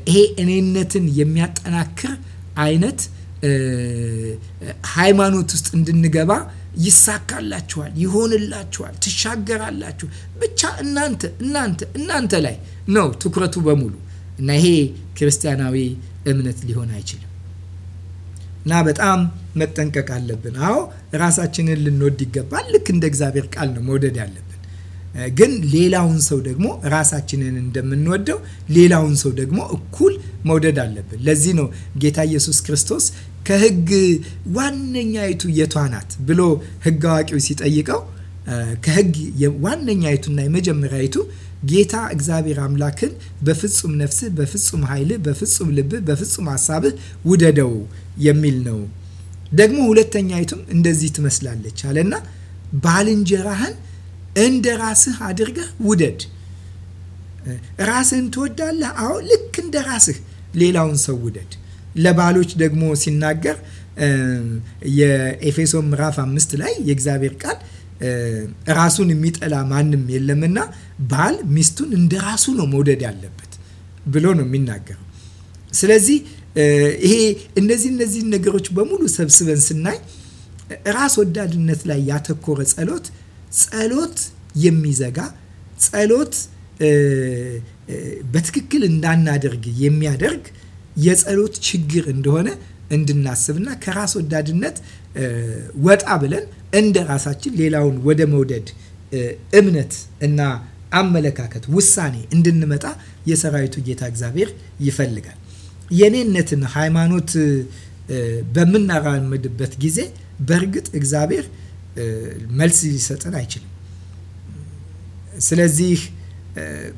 ይሄ እኔነትን የሚያጠናክር አይነት ሃይማኖት ውስጥ እንድንገባ ይሳካላችኋል፣ ይሆንላችኋል፣ ትሻገራላችሁ ብቻ እናንተ እናንተ እናንተ ላይ ነው ትኩረቱ በሙሉ እና ይሄ ክርስቲያናዊ እምነት ሊሆን አይችልም እና በጣም መጠንቀቅ አለብን። አዎ ራሳችንን ልንወድ ይገባል። ልክ እንደ እግዚአብሔር ቃል ነው መውደድ ያለብን። ግን ሌላውን ሰው ደግሞ ራሳችንን እንደምንወደው ሌላውን ሰው ደግሞ እኩል መውደድ አለብን። ለዚህ ነው ጌታ ኢየሱስ ክርስቶስ ከህግ ዋነኛይቱ የቷ ናት ብሎ ህግ አዋቂው ሲጠይቀው ከህግ ዋነኛይቱና የመጀመሪያይቱ ጌታ እግዚአብሔር አምላክን በፍጹም ነፍስህ፣ በፍጹም ኃይልህ፣ በፍጹም ልብህ፣ በፍጹም ሀሳብህ ውደደው የሚል ነው። ደግሞ ሁለተኛይቱም እንደዚህ ትመስላለች አለና ባልንጀራህን እንደ ራስህ አድርገህ ውደድ። ራስህን ትወዳለህ? አዎ ልክ እንደ ራስህ ሌላውን ሰው ውደድ። ለባሎች ደግሞ ሲናገር የኤፌሶ ምዕራፍ አምስት ላይ የእግዚአብሔር ቃል ራሱን የሚጠላ ማንም የለምና ባል ሚስቱን እንደ ራሱ ነው መውደድ ያለበት ብሎ ነው የሚናገረው። ስለዚህ ይሄ እነዚህ እነዚህን ነገሮች በሙሉ ሰብስበን ስናይ ራስ ወዳድነት ላይ ያተኮረ ጸሎት ጸሎት የሚዘጋ ጸሎት በትክክል እንዳናደርግ የሚያደርግ የጸሎት ችግር እንደሆነ እንድናስብና ከራስ ወዳድነት ወጣ ብለን እንደ ራሳችን ሌላውን ወደ መውደድ እምነት እና አመለካከት ውሳኔ እንድንመጣ የሰራዊቱ ጌታ እግዚአብሔር ይፈልጋል። የኔነትን ሃይማኖት በምናራምድበት ጊዜ በእርግጥ እግዚአብሔር መልስ ሊሰጠን አይችልም። ስለዚህ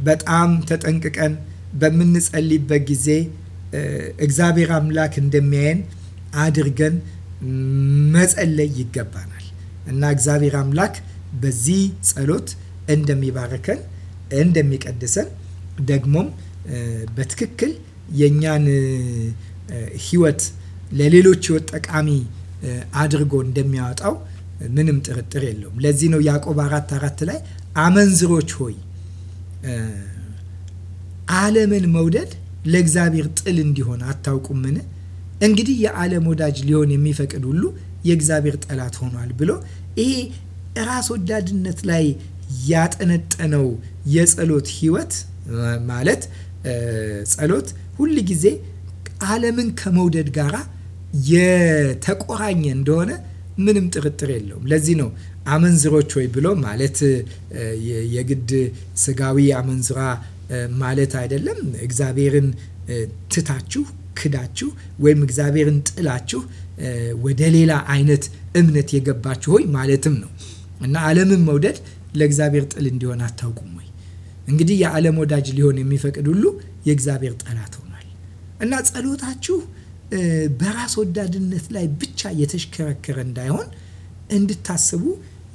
በጣም ተጠንቅቀን በምንጸልይበት ጊዜ እግዚአብሔር አምላክ እንደሚያየን አድርገን መጸለይ ይገባናል እና እግዚአብሔር አምላክ በዚህ ጸሎት እንደሚባርከን እንደሚቀድሰን ደግሞም በትክክል የእኛን ህይወት ለሌሎች ህይወት ጠቃሚ አድርጎ እንደሚያወጣው ምንም ጥርጥር የለውም። ለዚህ ነው ያዕቆብ አራት አራት ላይ አመንዝሮች ሆይ ዓለምን መውደድ ለእግዚአብሔር ጥል እንዲሆን አታውቁምን? እንግዲህ የዓለም ወዳጅ ሊሆን የሚፈቅድ ሁሉ የእግዚአብሔር ጠላት ሆኗል ብሎ ይሄ ራስ ወዳድነት ላይ ያጠነጠነው የጸሎት ህይወት ማለት ጸሎት ሁል ጊዜ ዓለምን ከመውደድ ጋር የተቆራኘ እንደሆነ ምንም ጥርጥር የለውም። ለዚህ ነው አመንዝሮች ወይ ብሎ ማለት የግድ ስጋዊ አመንዝራ ማለት አይደለም። እግዚአብሔርን ትታችሁ ክዳችሁ ወይም እግዚአብሔርን ጥላችሁ ወደ ሌላ አይነት እምነት የገባችሁ ሆይ ማለትም ነው እና ዓለምን መውደድ ለእግዚአብሔር ጥል እንዲሆን አታውቁም ወይ? እንግዲህ የዓለም ወዳጅ ሊሆን የሚፈቅድ ሁሉ የእግዚአብሔር ጠላት ሆኗል እና ጸሎታችሁ በራስ ወዳድነት ላይ ብቻ የተሽከረከረ እንዳይሆን እንድታስቡ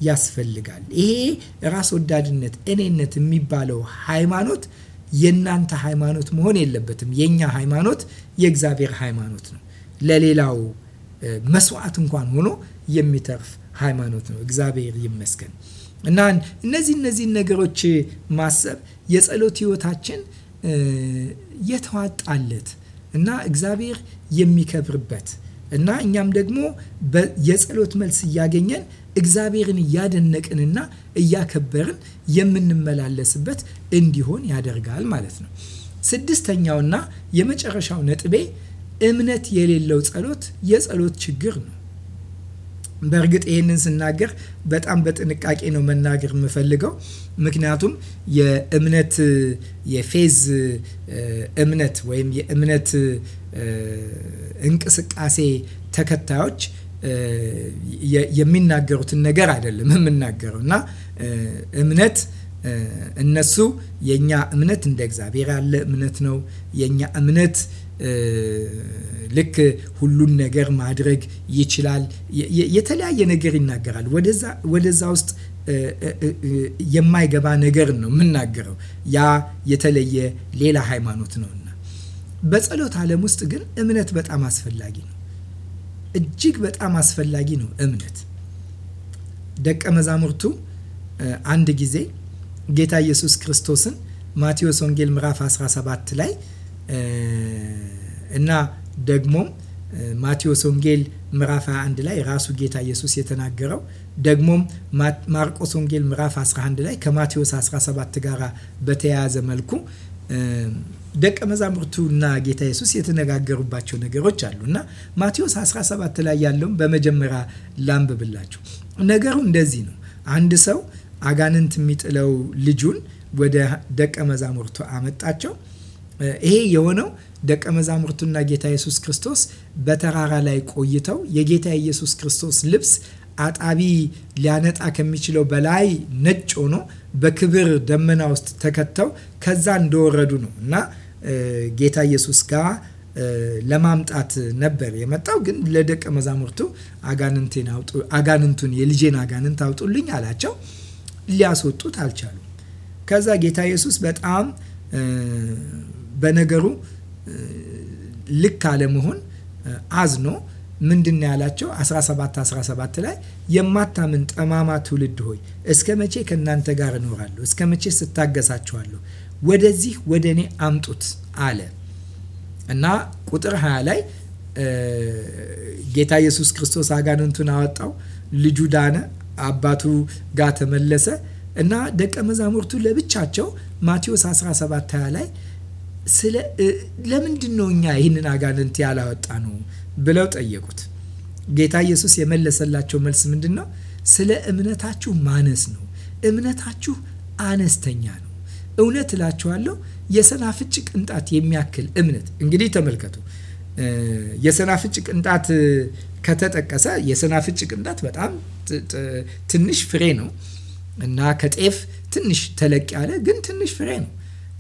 ያስፈልጋል። ይሄ ራስ ወዳድነት፣ እኔነት የሚባለው ሃይማኖት የእናንተ ሃይማኖት መሆን የለበትም። የእኛ ሃይማኖት የእግዚአብሔር ሃይማኖት ነው። ለሌላው መስዋዕት እንኳን ሆኖ የሚተርፍ ሃይማኖት ነው። እግዚአብሔር ይመስገን እና እነዚህ እነዚህን ነገሮች ማሰብ የጸሎት ህይወታችን የተዋጣለት እና እግዚአብሔር የሚከብርበት እና እኛም ደግሞ የጸሎት መልስ እያገኘን እግዚአብሔርን እያደነቅንና እያከበርን የምንመላለስበት እንዲሆን ያደርጋል ማለት ነው። ስድስተኛውና የመጨረሻው ነጥቤ እምነት የሌለው ጸሎት የጸሎት ችግር ነው። በእርግጥ ይህንን ስናገር በጣም በጥንቃቄ ነው መናገር የምፈልገው። ምክንያቱም የእምነት የፌዝ እምነት ወይም የእምነት እንቅስቃሴ ተከታዮች የሚናገሩትን ነገር አይደለም የምናገረው እና እምነት እነሱ የእኛ እምነት እንደ እግዚአብሔር ያለ እምነት ነው። የእኛ እምነት ልክ ሁሉን ነገር ማድረግ ይችላል። የተለያየ ነገር ይናገራል። ወደዛ ውስጥ የማይገባ ነገር ነው የምናገረው። ያ የተለየ ሌላ ሃይማኖት ነውና በጸሎት ዓለም ውስጥ ግን እምነት በጣም አስፈላጊ ነው። እጅግ በጣም አስፈላጊ ነው እምነት። ደቀ መዛሙርቱ አንድ ጊዜ ጌታ ኢየሱስ ክርስቶስን ማቴዎስ ወንጌል ምዕራፍ 17 ላይ እና ደግሞም ማቴዎስ ወንጌል ምዕራፍ 21 ላይ ራሱ ጌታ ኢየሱስ የተናገረው ደግሞም ማርቆስ ወንጌል ምዕራፍ 11 ላይ ከማቴዎስ 17 ጋር በተያያዘ መልኩ ደቀ መዛሙርቱና ጌታ ኢየሱስ የተነጋገሩባቸው ነገሮች አሉ እና ማቴዎስ 17 ላይ ያለውን በመጀመሪያ ላንብብላችሁ። ነገሩ እንደዚህ ነው። አንድ ሰው አጋንንት የሚጥለው ልጁን ወደ ደቀ መዛሙርቱ አመጣቸው። ይሄ የሆነው ደቀ መዛሙርቱና ጌታ ኢየሱስ ክርስቶስ በተራራ ላይ ቆይተው የጌታ ኢየሱስ ክርስቶስ ልብስ አጣቢ ሊያነጣ ከሚችለው በላይ ነጭ ሆኖ በክብር ደመና ውስጥ ተከተው ከዛ እንደወረዱ ነው እና ጌታ ኢየሱስ ጋር ለማምጣት ነበር የመጣው። ግን ለደቀ መዛሙርቱ አጋንንቴን አውጡ፣ አጋንንቱን የልጄን አጋንንት አውጡልኝ አላቸው። ሊያስወጡት አልቻሉም። ከዛ ጌታ ኢየሱስ በጣም በነገሩ ልክ አለመሆን አዝኖ ምንድን ያላቸው 17 17 ላይ የማታምን ጠማማ ትውልድ ሆይ እስከ መቼ ከእናንተ ጋር እኖራለሁ? እስከ መቼ ስታገሳችኋለሁ? ወደዚህ ወደ እኔ አምጡት አለ እና ቁጥር 20 ላይ ጌታ ኢየሱስ ክርስቶስ አጋንንቱን አወጣው፣ ልጁ ዳነ፣ አባቱ ጋር ተመለሰ እና ደቀ መዛሙርቱ ለብቻቸው ማቴዎስ 17 20 ላይ ስለ ለምንድን ነው እኛ ይህንን አጋንንት ያላወጣ ነው ብለው ጠየቁት። ጌታ ኢየሱስ የመለሰላቸው መልስ ምንድን ነው? ስለ እምነታችሁ ማነስ ነው። እምነታችሁ አነስተኛ ነው። እውነት እላችኋለሁ የሰናፍጭ ቅንጣት የሚያክል እምነት። እንግዲህ ተመልከቱ፣ የሰናፍጭ ቅንጣት ከተጠቀሰ የሰናፍጭ ቅንጣት በጣም ትንሽ ፍሬ ነው እና ከጤፍ ትንሽ ተለቅ ያለ ግን ትንሽ ፍሬ ነው።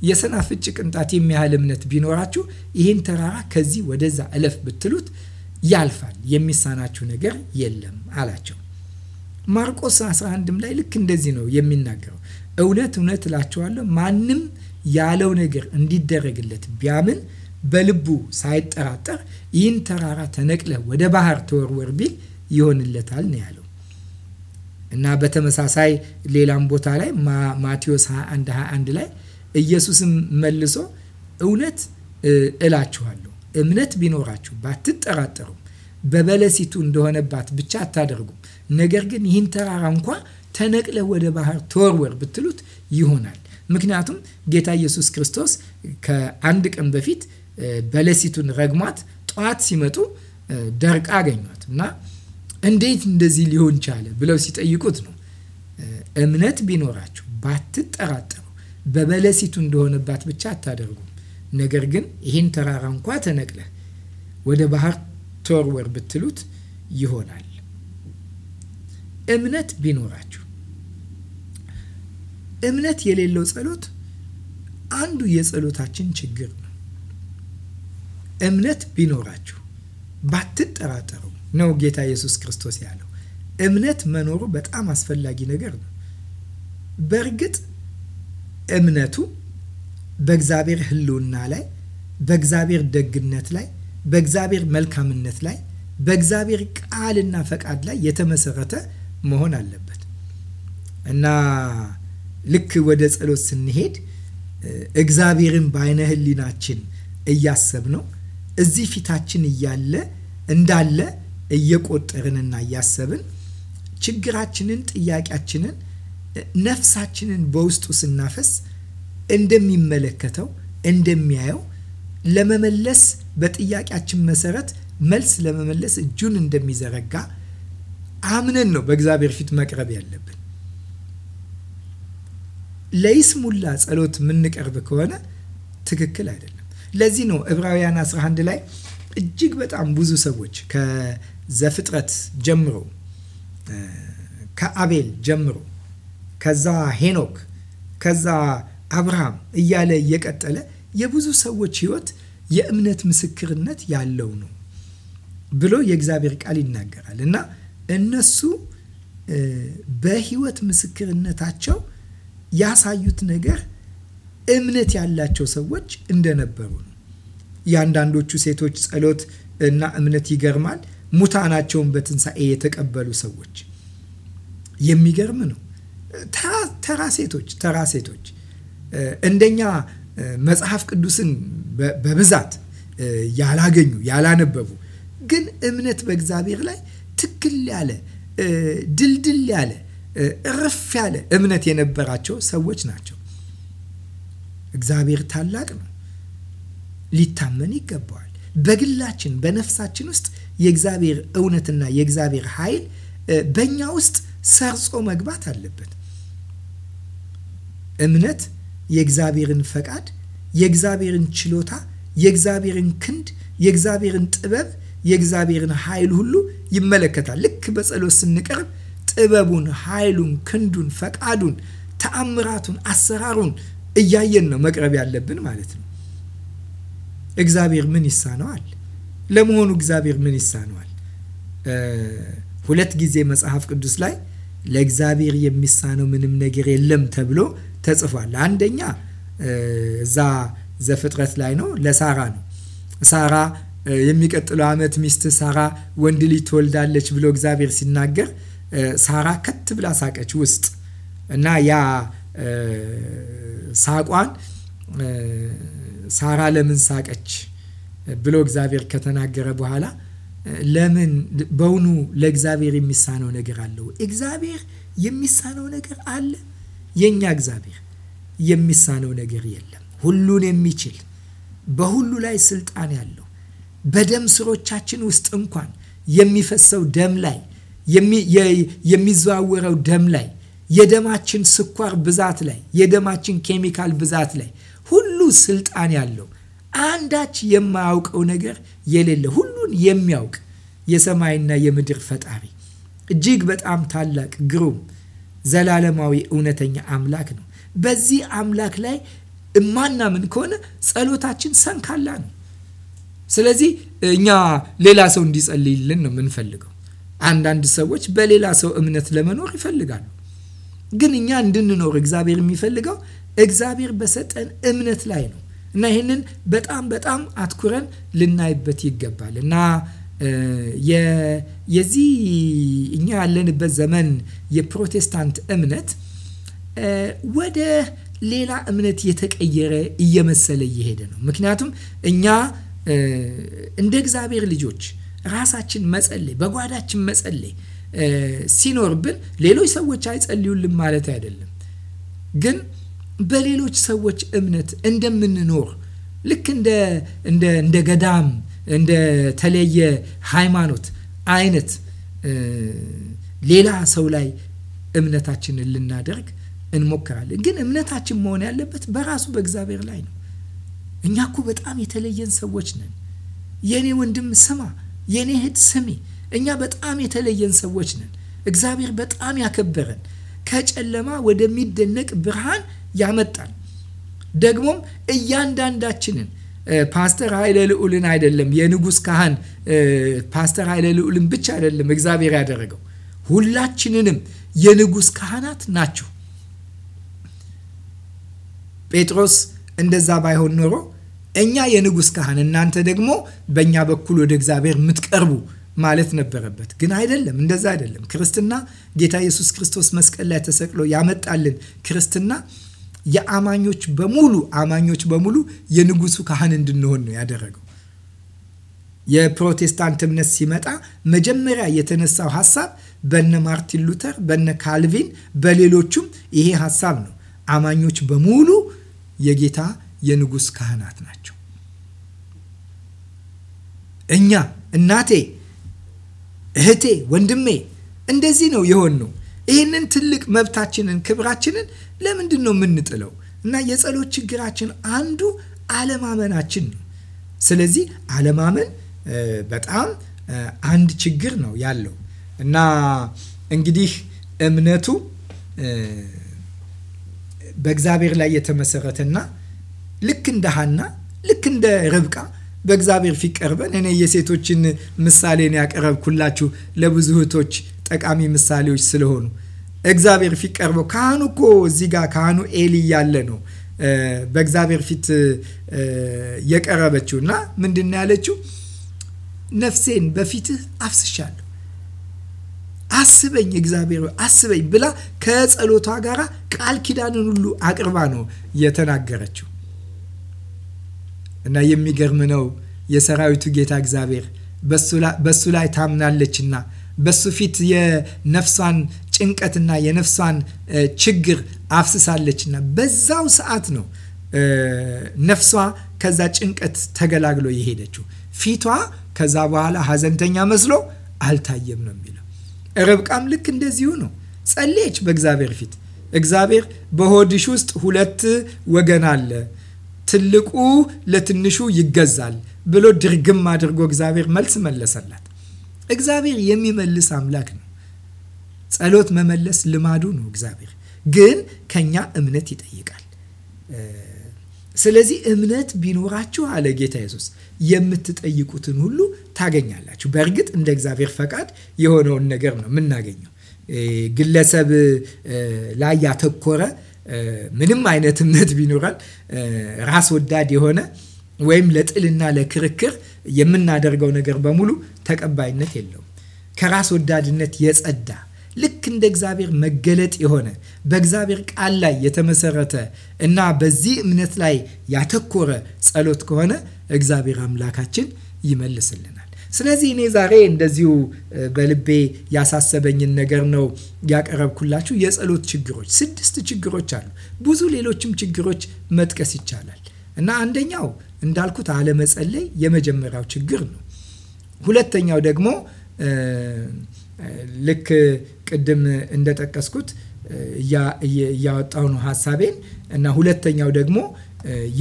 የሰናፍጭ ቅንጣት የሚያህል እምነት ቢኖራችሁ ይህን ተራራ ከዚህ ወደዛ እለፍ ብትሉት ያልፋል፣ የሚሳናችሁ ነገር የለም አላቸው። ማርቆስ 11ም ላይ ልክ እንደዚህ ነው የሚናገረው። እውነት እውነት እላችኋለሁ ማንም ያለው ነገር እንዲደረግለት ቢያምን በልቡ ሳይጠራጠር ይህን ተራራ ተነቅለ ወደ ባህር ተወርወር ቢል ይሆንለታል ነው ያለው እና በተመሳሳይ ሌላም ቦታ ላይ ማቴዎስ 21 21 ላይ ኢየሱስም መልሶ እውነት እላችኋለሁ እምነት ቢኖራችሁ ባትጠራጠሩም በበለሲቱ እንደሆነባት ብቻ አታደርጉም ነገር ግን ይህን ተራራ እንኳ ተነቅለህ ወደ ባህር ተወርወር ብትሉት ይሆናል። ምክንያቱም ጌታ ኢየሱስ ክርስቶስ ከአንድ ቀን በፊት በለሲቱን ረግሟት ጠዋት ሲመጡ ደርቃ አገኟት እና እንዴት እንደዚህ ሊሆን ቻለ ብለው ሲጠይቁት ነው እምነት ቢኖራችሁ ባትጠራጠሩ በበለሲቱ እንደሆነባት ብቻ አታደርጉም። ነገር ግን ይህን ተራራ እንኳ ተነቅለህ ወደ ባህር ተወርወር ብትሉት ይሆናል። እምነት ቢኖራችሁ እምነት የሌለው ጸሎት አንዱ የጸሎታችን ችግር ነው። እምነት ቢኖራችሁ ባትጠራጠሩ ነው ጌታ ኢየሱስ ክርስቶስ ያለው። እምነት መኖሩ በጣም አስፈላጊ ነገር ነው። በእርግጥ እምነቱ በእግዚአብሔር ሕልውና ላይ፣ በእግዚአብሔር ደግነት ላይ፣ በእግዚአብሔር መልካምነት ላይ፣ በእግዚአብሔር ቃልና ፈቃድ ላይ የተመሰረተ መሆን አለበት እና ልክ ወደ ጸሎት ስንሄድ እግዚአብሔርን በአይነ ህሊናችን እያሰብ ነው እዚህ ፊታችን እያለ እንዳለ እየቆጠርንና እያሰብን ችግራችንን፣ ጥያቄያችንን፣ ነፍሳችንን በውስጡ ስናፈስ እንደሚመለከተው እንደሚያየው ለመመለስ በጥያቄያችን መሰረት መልስ ለመመለስ እጁን እንደሚዘረጋ አምነን ነው በእግዚአብሔር ፊት መቅረብ ያለብን። ለይስሙላ ጸሎት የምንቀርብ ከሆነ ትክክል አይደለም። ለዚህ ነው ዕብራውያን 11 ላይ እጅግ በጣም ብዙ ሰዎች ከዘፍጥረት ጀምሮ ከአቤል ጀምሮ ከዛ ሄኖክ ከዛ አብርሃም እያለ እየቀጠለ የብዙ ሰዎች ህይወት የእምነት ምስክርነት ያለው ነው ብሎ የእግዚአብሔር ቃል ይናገራል እና እነሱ በህይወት ምስክርነታቸው ያሳዩት ነገር እምነት ያላቸው ሰዎች እንደነበሩ ነው። የአንዳንዶቹ ሴቶች ጸሎት እና እምነት ይገርማል። ሙታናቸውን በትንሣኤ የተቀበሉ ሰዎች የሚገርም ነው። ተራ ሴቶች ተራ ሴቶች እንደኛ መጽሐፍ ቅዱስን በብዛት ያላገኙ ያላነበቡ፣ ግን እምነት በእግዚአብሔር ላይ ትክል ያለ ድልድል ያለ እርፍ ያለ እምነት የነበራቸው ሰዎች ናቸው። እግዚአብሔር ታላቅ ነው፣ ሊታመን ይገባዋል። በግላችን በነፍሳችን ውስጥ የእግዚአብሔር እውነትና የእግዚአብሔር ኃይል በእኛ ውስጥ ሰርጾ መግባት አለበት። እምነት የእግዚአብሔርን ፈቃድ፣ የእግዚአብሔርን ችሎታ፣ የእግዚአብሔርን ክንድ፣ የእግዚአብሔርን ጥበብ፣ የእግዚአብሔርን ኃይል ሁሉ ይመለከታል። ልክ በጸሎት ስንቀርብ ጥበቡን፣ ኃይሉን፣ ክንዱን፣ ፈቃዱን፣ ተአምራቱን፣ አሰራሩን እያየን ነው መቅረብ ያለብን ማለት ነው። እግዚአብሔር ምን ይሳነዋል? ለመሆኑ እግዚአብሔር ምን ይሳነዋል? ሁለት ጊዜ መጽሐፍ ቅዱስ ላይ ለእግዚአብሔር የሚሳነው ምንም ነገር የለም ተብሎ ተጽፏል። አንደኛ እዛ ዘፍጥረት ላይ ነው፣ ለሳራ ነው። ሳራ የሚቀጥለው ዓመት ሚስት ሳራ ወንድ ልጅ ትወልዳለች ብሎ እግዚአብሔር ሲናገር ሳራ ከት ብላ ሳቀች ውስጥ እና ያ ሳቋን ሳራ ለምን ሳቀች ብሎ እግዚአብሔር ከተናገረ በኋላ ለምን በውኑ ለእግዚአብሔር የሚሳነው ነገር አለው? እግዚአብሔር የሚሳነው ነገር አለ? የእኛ እግዚአብሔር የሚሳነው ነገር የለም። ሁሉን የሚችል በሁሉ ላይ ስልጣን ያለው በደም ስሮቻችን ውስጥ እንኳን የሚፈሰው ደም ላይ የሚዘዋወረው ደም ላይ፣ የደማችን ስኳር ብዛት ላይ፣ የደማችን ኬሚካል ብዛት ላይ ሁሉ ስልጣን ያለው አንዳች የማያውቀው ነገር የሌለ ሁሉን የሚያውቅ የሰማይና የምድር ፈጣሪ እጅግ በጣም ታላቅ ግሩም ዘላለማዊ እውነተኛ አምላክ ነው። በዚህ አምላክ ላይ እማናምን ከሆነ ጸሎታችን ሰንካላ ነው። ስለዚህ እኛ ሌላ ሰው እንዲጸልይልን ነው የምንፈልገው። አንዳንድ ሰዎች በሌላ ሰው እምነት ለመኖር ይፈልጋሉ። ግን እኛ እንድንኖር እግዚአብሔር የሚፈልገው እግዚአብሔር በሰጠን እምነት ላይ ነው እና ይህንን በጣም በጣም አትኩረን ልናይበት ይገባል እና የዚህ እኛ ያለንበት ዘመን የፕሮቴስታንት እምነት ወደ ሌላ እምነት የተቀየረ እየመሰለ እየሄደ ነው። ምክንያቱም እኛ እንደ እግዚአብሔር ልጆች ራሳችን መጸለይ በጓዳችን መጸለይ ሲኖርብን ሌሎች ሰዎች አይጸልዩልን ማለት አይደለም፣ ግን በሌሎች ሰዎች እምነት እንደምንኖር ልክ እንደ ገዳም እንደ ተለየ ሃይማኖት አይነት ሌላ ሰው ላይ እምነታችንን ልናደርግ እንሞክራለን። ግን እምነታችን መሆን ያለበት በራሱ በእግዚአብሔር ላይ ነው። እኛ እኮ በጣም የተለየን ሰዎች ነን። የእኔ ወንድም ስማ የኔ እህት ስሚ፣ እኛ በጣም የተለየን ሰዎች ነን። እግዚአብሔር በጣም ያከበረን፣ ከጨለማ ወደሚደነቅ ብርሃን ያመጣን። ደግሞም እያንዳንዳችንን ፓስተር ኃይለ ልዑልን አይደለም የንጉሥ ካህን ፓስተር ኃይለ ልዑልን ብቻ አይደለም እግዚአብሔር ያደረገው፣ ሁላችንንም የንጉሥ ካህናት ናችሁ። ጴጥሮስ እንደዛ ባይሆን ኖሮ እኛ የንጉሥ ካህን እናንተ ደግሞ በእኛ በኩል ወደ እግዚአብሔር የምትቀርቡ ማለት ነበረበት። ግን አይደለም፣ እንደዛ አይደለም። ክርስትና ጌታ ኢየሱስ ክርስቶስ መስቀል ላይ ተሰቅሎ ያመጣልን ክርስትና የአማኞች በሙሉ አማኞች በሙሉ የንጉሱ ካህን እንድንሆን ነው ያደረገው። የፕሮቴስታንት እምነት ሲመጣ መጀመሪያ የተነሳው ሀሳብ በነ ማርቲን ሉተር፣ በነ ካልቪን፣ በሌሎቹም ይሄ ሀሳብ ነው። አማኞች በሙሉ የጌታ የንጉሥ ካህናት ናቸው። እኛ እናቴ፣ እህቴ፣ ወንድሜ እንደዚህ ነው የሆን ነው። ይህንን ትልቅ መብታችንን ክብራችንን ለምንድን ነው የምንጥለው? እና የጸሎት ችግራችን አንዱ አለማመናችን ነው። ስለዚህ አለማመን በጣም አንድ ችግር ነው ያለው እና እንግዲህ እምነቱ በእግዚአብሔር ላይ የተመሰረተና ልክ እንደ ሀና ልክ እንደ ርብቃ በእግዚአብሔር ፊት ቀርበን እኔ የሴቶችን ምሳሌን ያቀረብኩላችሁ ለብዙ እህቶች ጠቃሚ ምሳሌዎች ስለሆኑ እግዚአብሔር ፊት ቀርበው ካህኑ እኮ እዚህ ጋር ካህኑ ኤሊ ያለ ነው በእግዚአብሔር ፊት የቀረበችው እና ምንድን ያለችው ነፍሴን በፊትህ አፍስሻለሁ፣ አስበኝ እግዚአብሔር አስበኝ ብላ ከጸሎቷ ጋር ቃል ኪዳንን ሁሉ አቅርባ ነው የተናገረችው። እና የሚገርም ነው የሰራዊቱ ጌታ እግዚአብሔር በሱ ላይ ታምናለችና በሱ ፊት የነፍሷን ጭንቀትና የነፍሷን ችግር አፍስሳለችና በዛው ሰዓት ነው ነፍሷ ከዛ ጭንቀት ተገላግሎ የሄደችው። ፊቷ ከዛ በኋላ ሀዘንተኛ መስሎ አልታየም ነው የሚለው። ርብቃም ልክ እንደዚሁ ነው። ጸለየች በእግዚአብሔር ፊት። እግዚአብሔር በሆድሽ ውስጥ ሁለት ወገን አለ ትልቁ ለትንሹ ይገዛል ብሎ ድርግም አድርጎ እግዚአብሔር መልስ መለሰላት። እግዚአብሔር የሚመልስ አምላክ ነው። ጸሎት መመለስ ልማዱ ነው። እግዚአብሔር ግን ከኛ እምነት ይጠይቃል። ስለዚህ እምነት ቢኖራችሁ አለ ጌታ ኢየሱስ፣ የምትጠይቁትን ሁሉ ታገኛላችሁ። በእርግጥ እንደ እግዚአብሔር ፈቃድ የሆነውን ነገር ነው የምናገኘው። ግለሰብ ላይ ያተኮረ ምንም አይነት እምነት ቢኖረን ራስ ወዳድ የሆነ ወይም ለጥልና ለክርክር የምናደርገው ነገር በሙሉ ተቀባይነት የለውም። ከራስ ወዳድነት የጸዳ ልክ እንደ እግዚአብሔር መገለጥ የሆነ በእግዚአብሔር ቃል ላይ የተመሰረተ እና በዚህ እምነት ላይ ያተኮረ ጸሎት ከሆነ እግዚአብሔር አምላካችን ይመልስልን። ስለዚህ እኔ ዛሬ እንደዚሁ በልቤ ያሳሰበኝን ነገር ነው ያቀረብኩላችሁ። የጸሎት ችግሮች ስድስት ችግሮች አሉ። ብዙ ሌሎችም ችግሮች መጥቀስ ይቻላል እና አንደኛው እንዳልኩት አለመጸለይ የመጀመሪያው ችግር ነው። ሁለተኛው ደግሞ ልክ ቅድም እንደጠቀስኩት እያወጣውነው ነው ሀሳቤን እና ሁለተኛው ደግሞ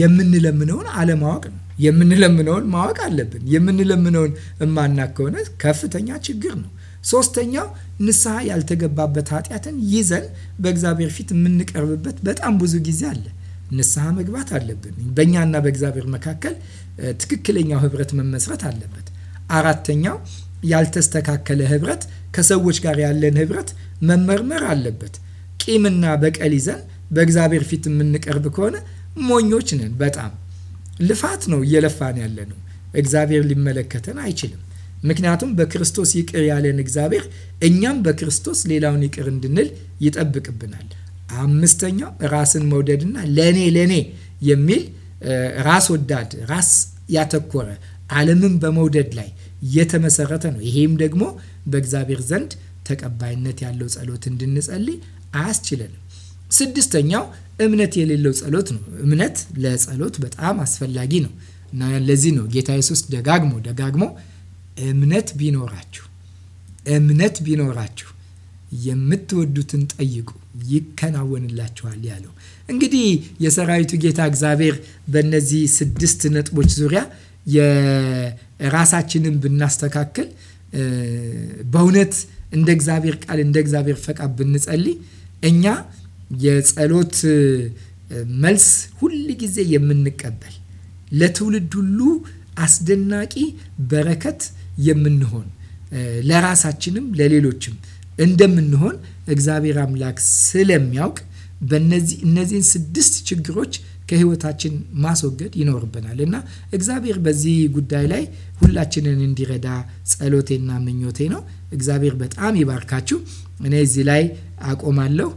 የምንለምነውን አለማወቅ ነው። የምንለምነውን ማወቅ አለብን። የምንለምነውን እማና ከሆነ ከፍተኛ ችግር ነው። ሶስተኛው ንስሐ ያልተገባበት ኃጢአትን ይዘን በእግዚአብሔር ፊት የምንቀርብበት በጣም ብዙ ጊዜ አለ። ንስሐ መግባት አለብን። በእኛና በእግዚአብሔር መካከል ትክክለኛው ህብረት መመስረት አለበት። አራተኛው ያልተስተካከለ ህብረት፣ ከሰዎች ጋር ያለን ህብረት መመርመር አለበት። ቂምና በቀል ይዘን በእግዚአብሔር ፊት የምንቀርብ ከሆነ ሞኞች ነን በጣም ልፋት ነው እየለፋን ያለ ነው። እግዚአብሔር ሊመለከተን አይችልም። ምክንያቱም በክርስቶስ ይቅር ያለን እግዚአብሔር እኛም በክርስቶስ ሌላውን ይቅር እንድንል ይጠብቅብናል። አምስተኛው ራስን መውደድና ለእኔ ለእኔ የሚል ራስ ወዳድ ራስ ያተኮረ ዓለምን በመውደድ ላይ የተመሰረተ ነው። ይሄም ደግሞ በእግዚአብሔር ዘንድ ተቀባይነት ያለው ጸሎት እንድንጸልይ አያስችለንም። ስድስተኛው እምነት የሌለው ጸሎት ነው። እምነት ለጸሎት በጣም አስፈላጊ ነው እና ለዚህ ነው ጌታ ኢየሱስ ደጋግሞ ደጋግሞ እምነት ቢኖራችሁ እምነት ቢኖራችሁ የምትወዱትን ጠይቁ ይከናወንላችኋል ያለው። እንግዲህ የሰራዊቱ ጌታ እግዚአብሔር በእነዚህ ስድስት ነጥቦች ዙሪያ የራሳችንን ብናስተካክል በእውነት እንደ እግዚአብሔር ቃል እንደ እግዚአብሔር ፈቃድ ብንጸልይ እኛ የጸሎት መልስ ሁል ጊዜ የምንቀበል ለትውልድ ሁሉ አስደናቂ በረከት የምንሆን ለራሳችንም ለሌሎችም እንደምንሆን እግዚአብሔር አምላክ ስለሚያውቅ በነዚህ እነዚህን ስድስት ችግሮች ከህይወታችን ማስወገድ ይኖርብናል እና እግዚአብሔር በዚህ ጉዳይ ላይ ሁላችንን እንዲረዳ ጸሎቴና ምኞቴ ነው። እግዚአብሔር በጣም ይባርካችሁ። እኔ እዚህ ላይ አቆማለሁ።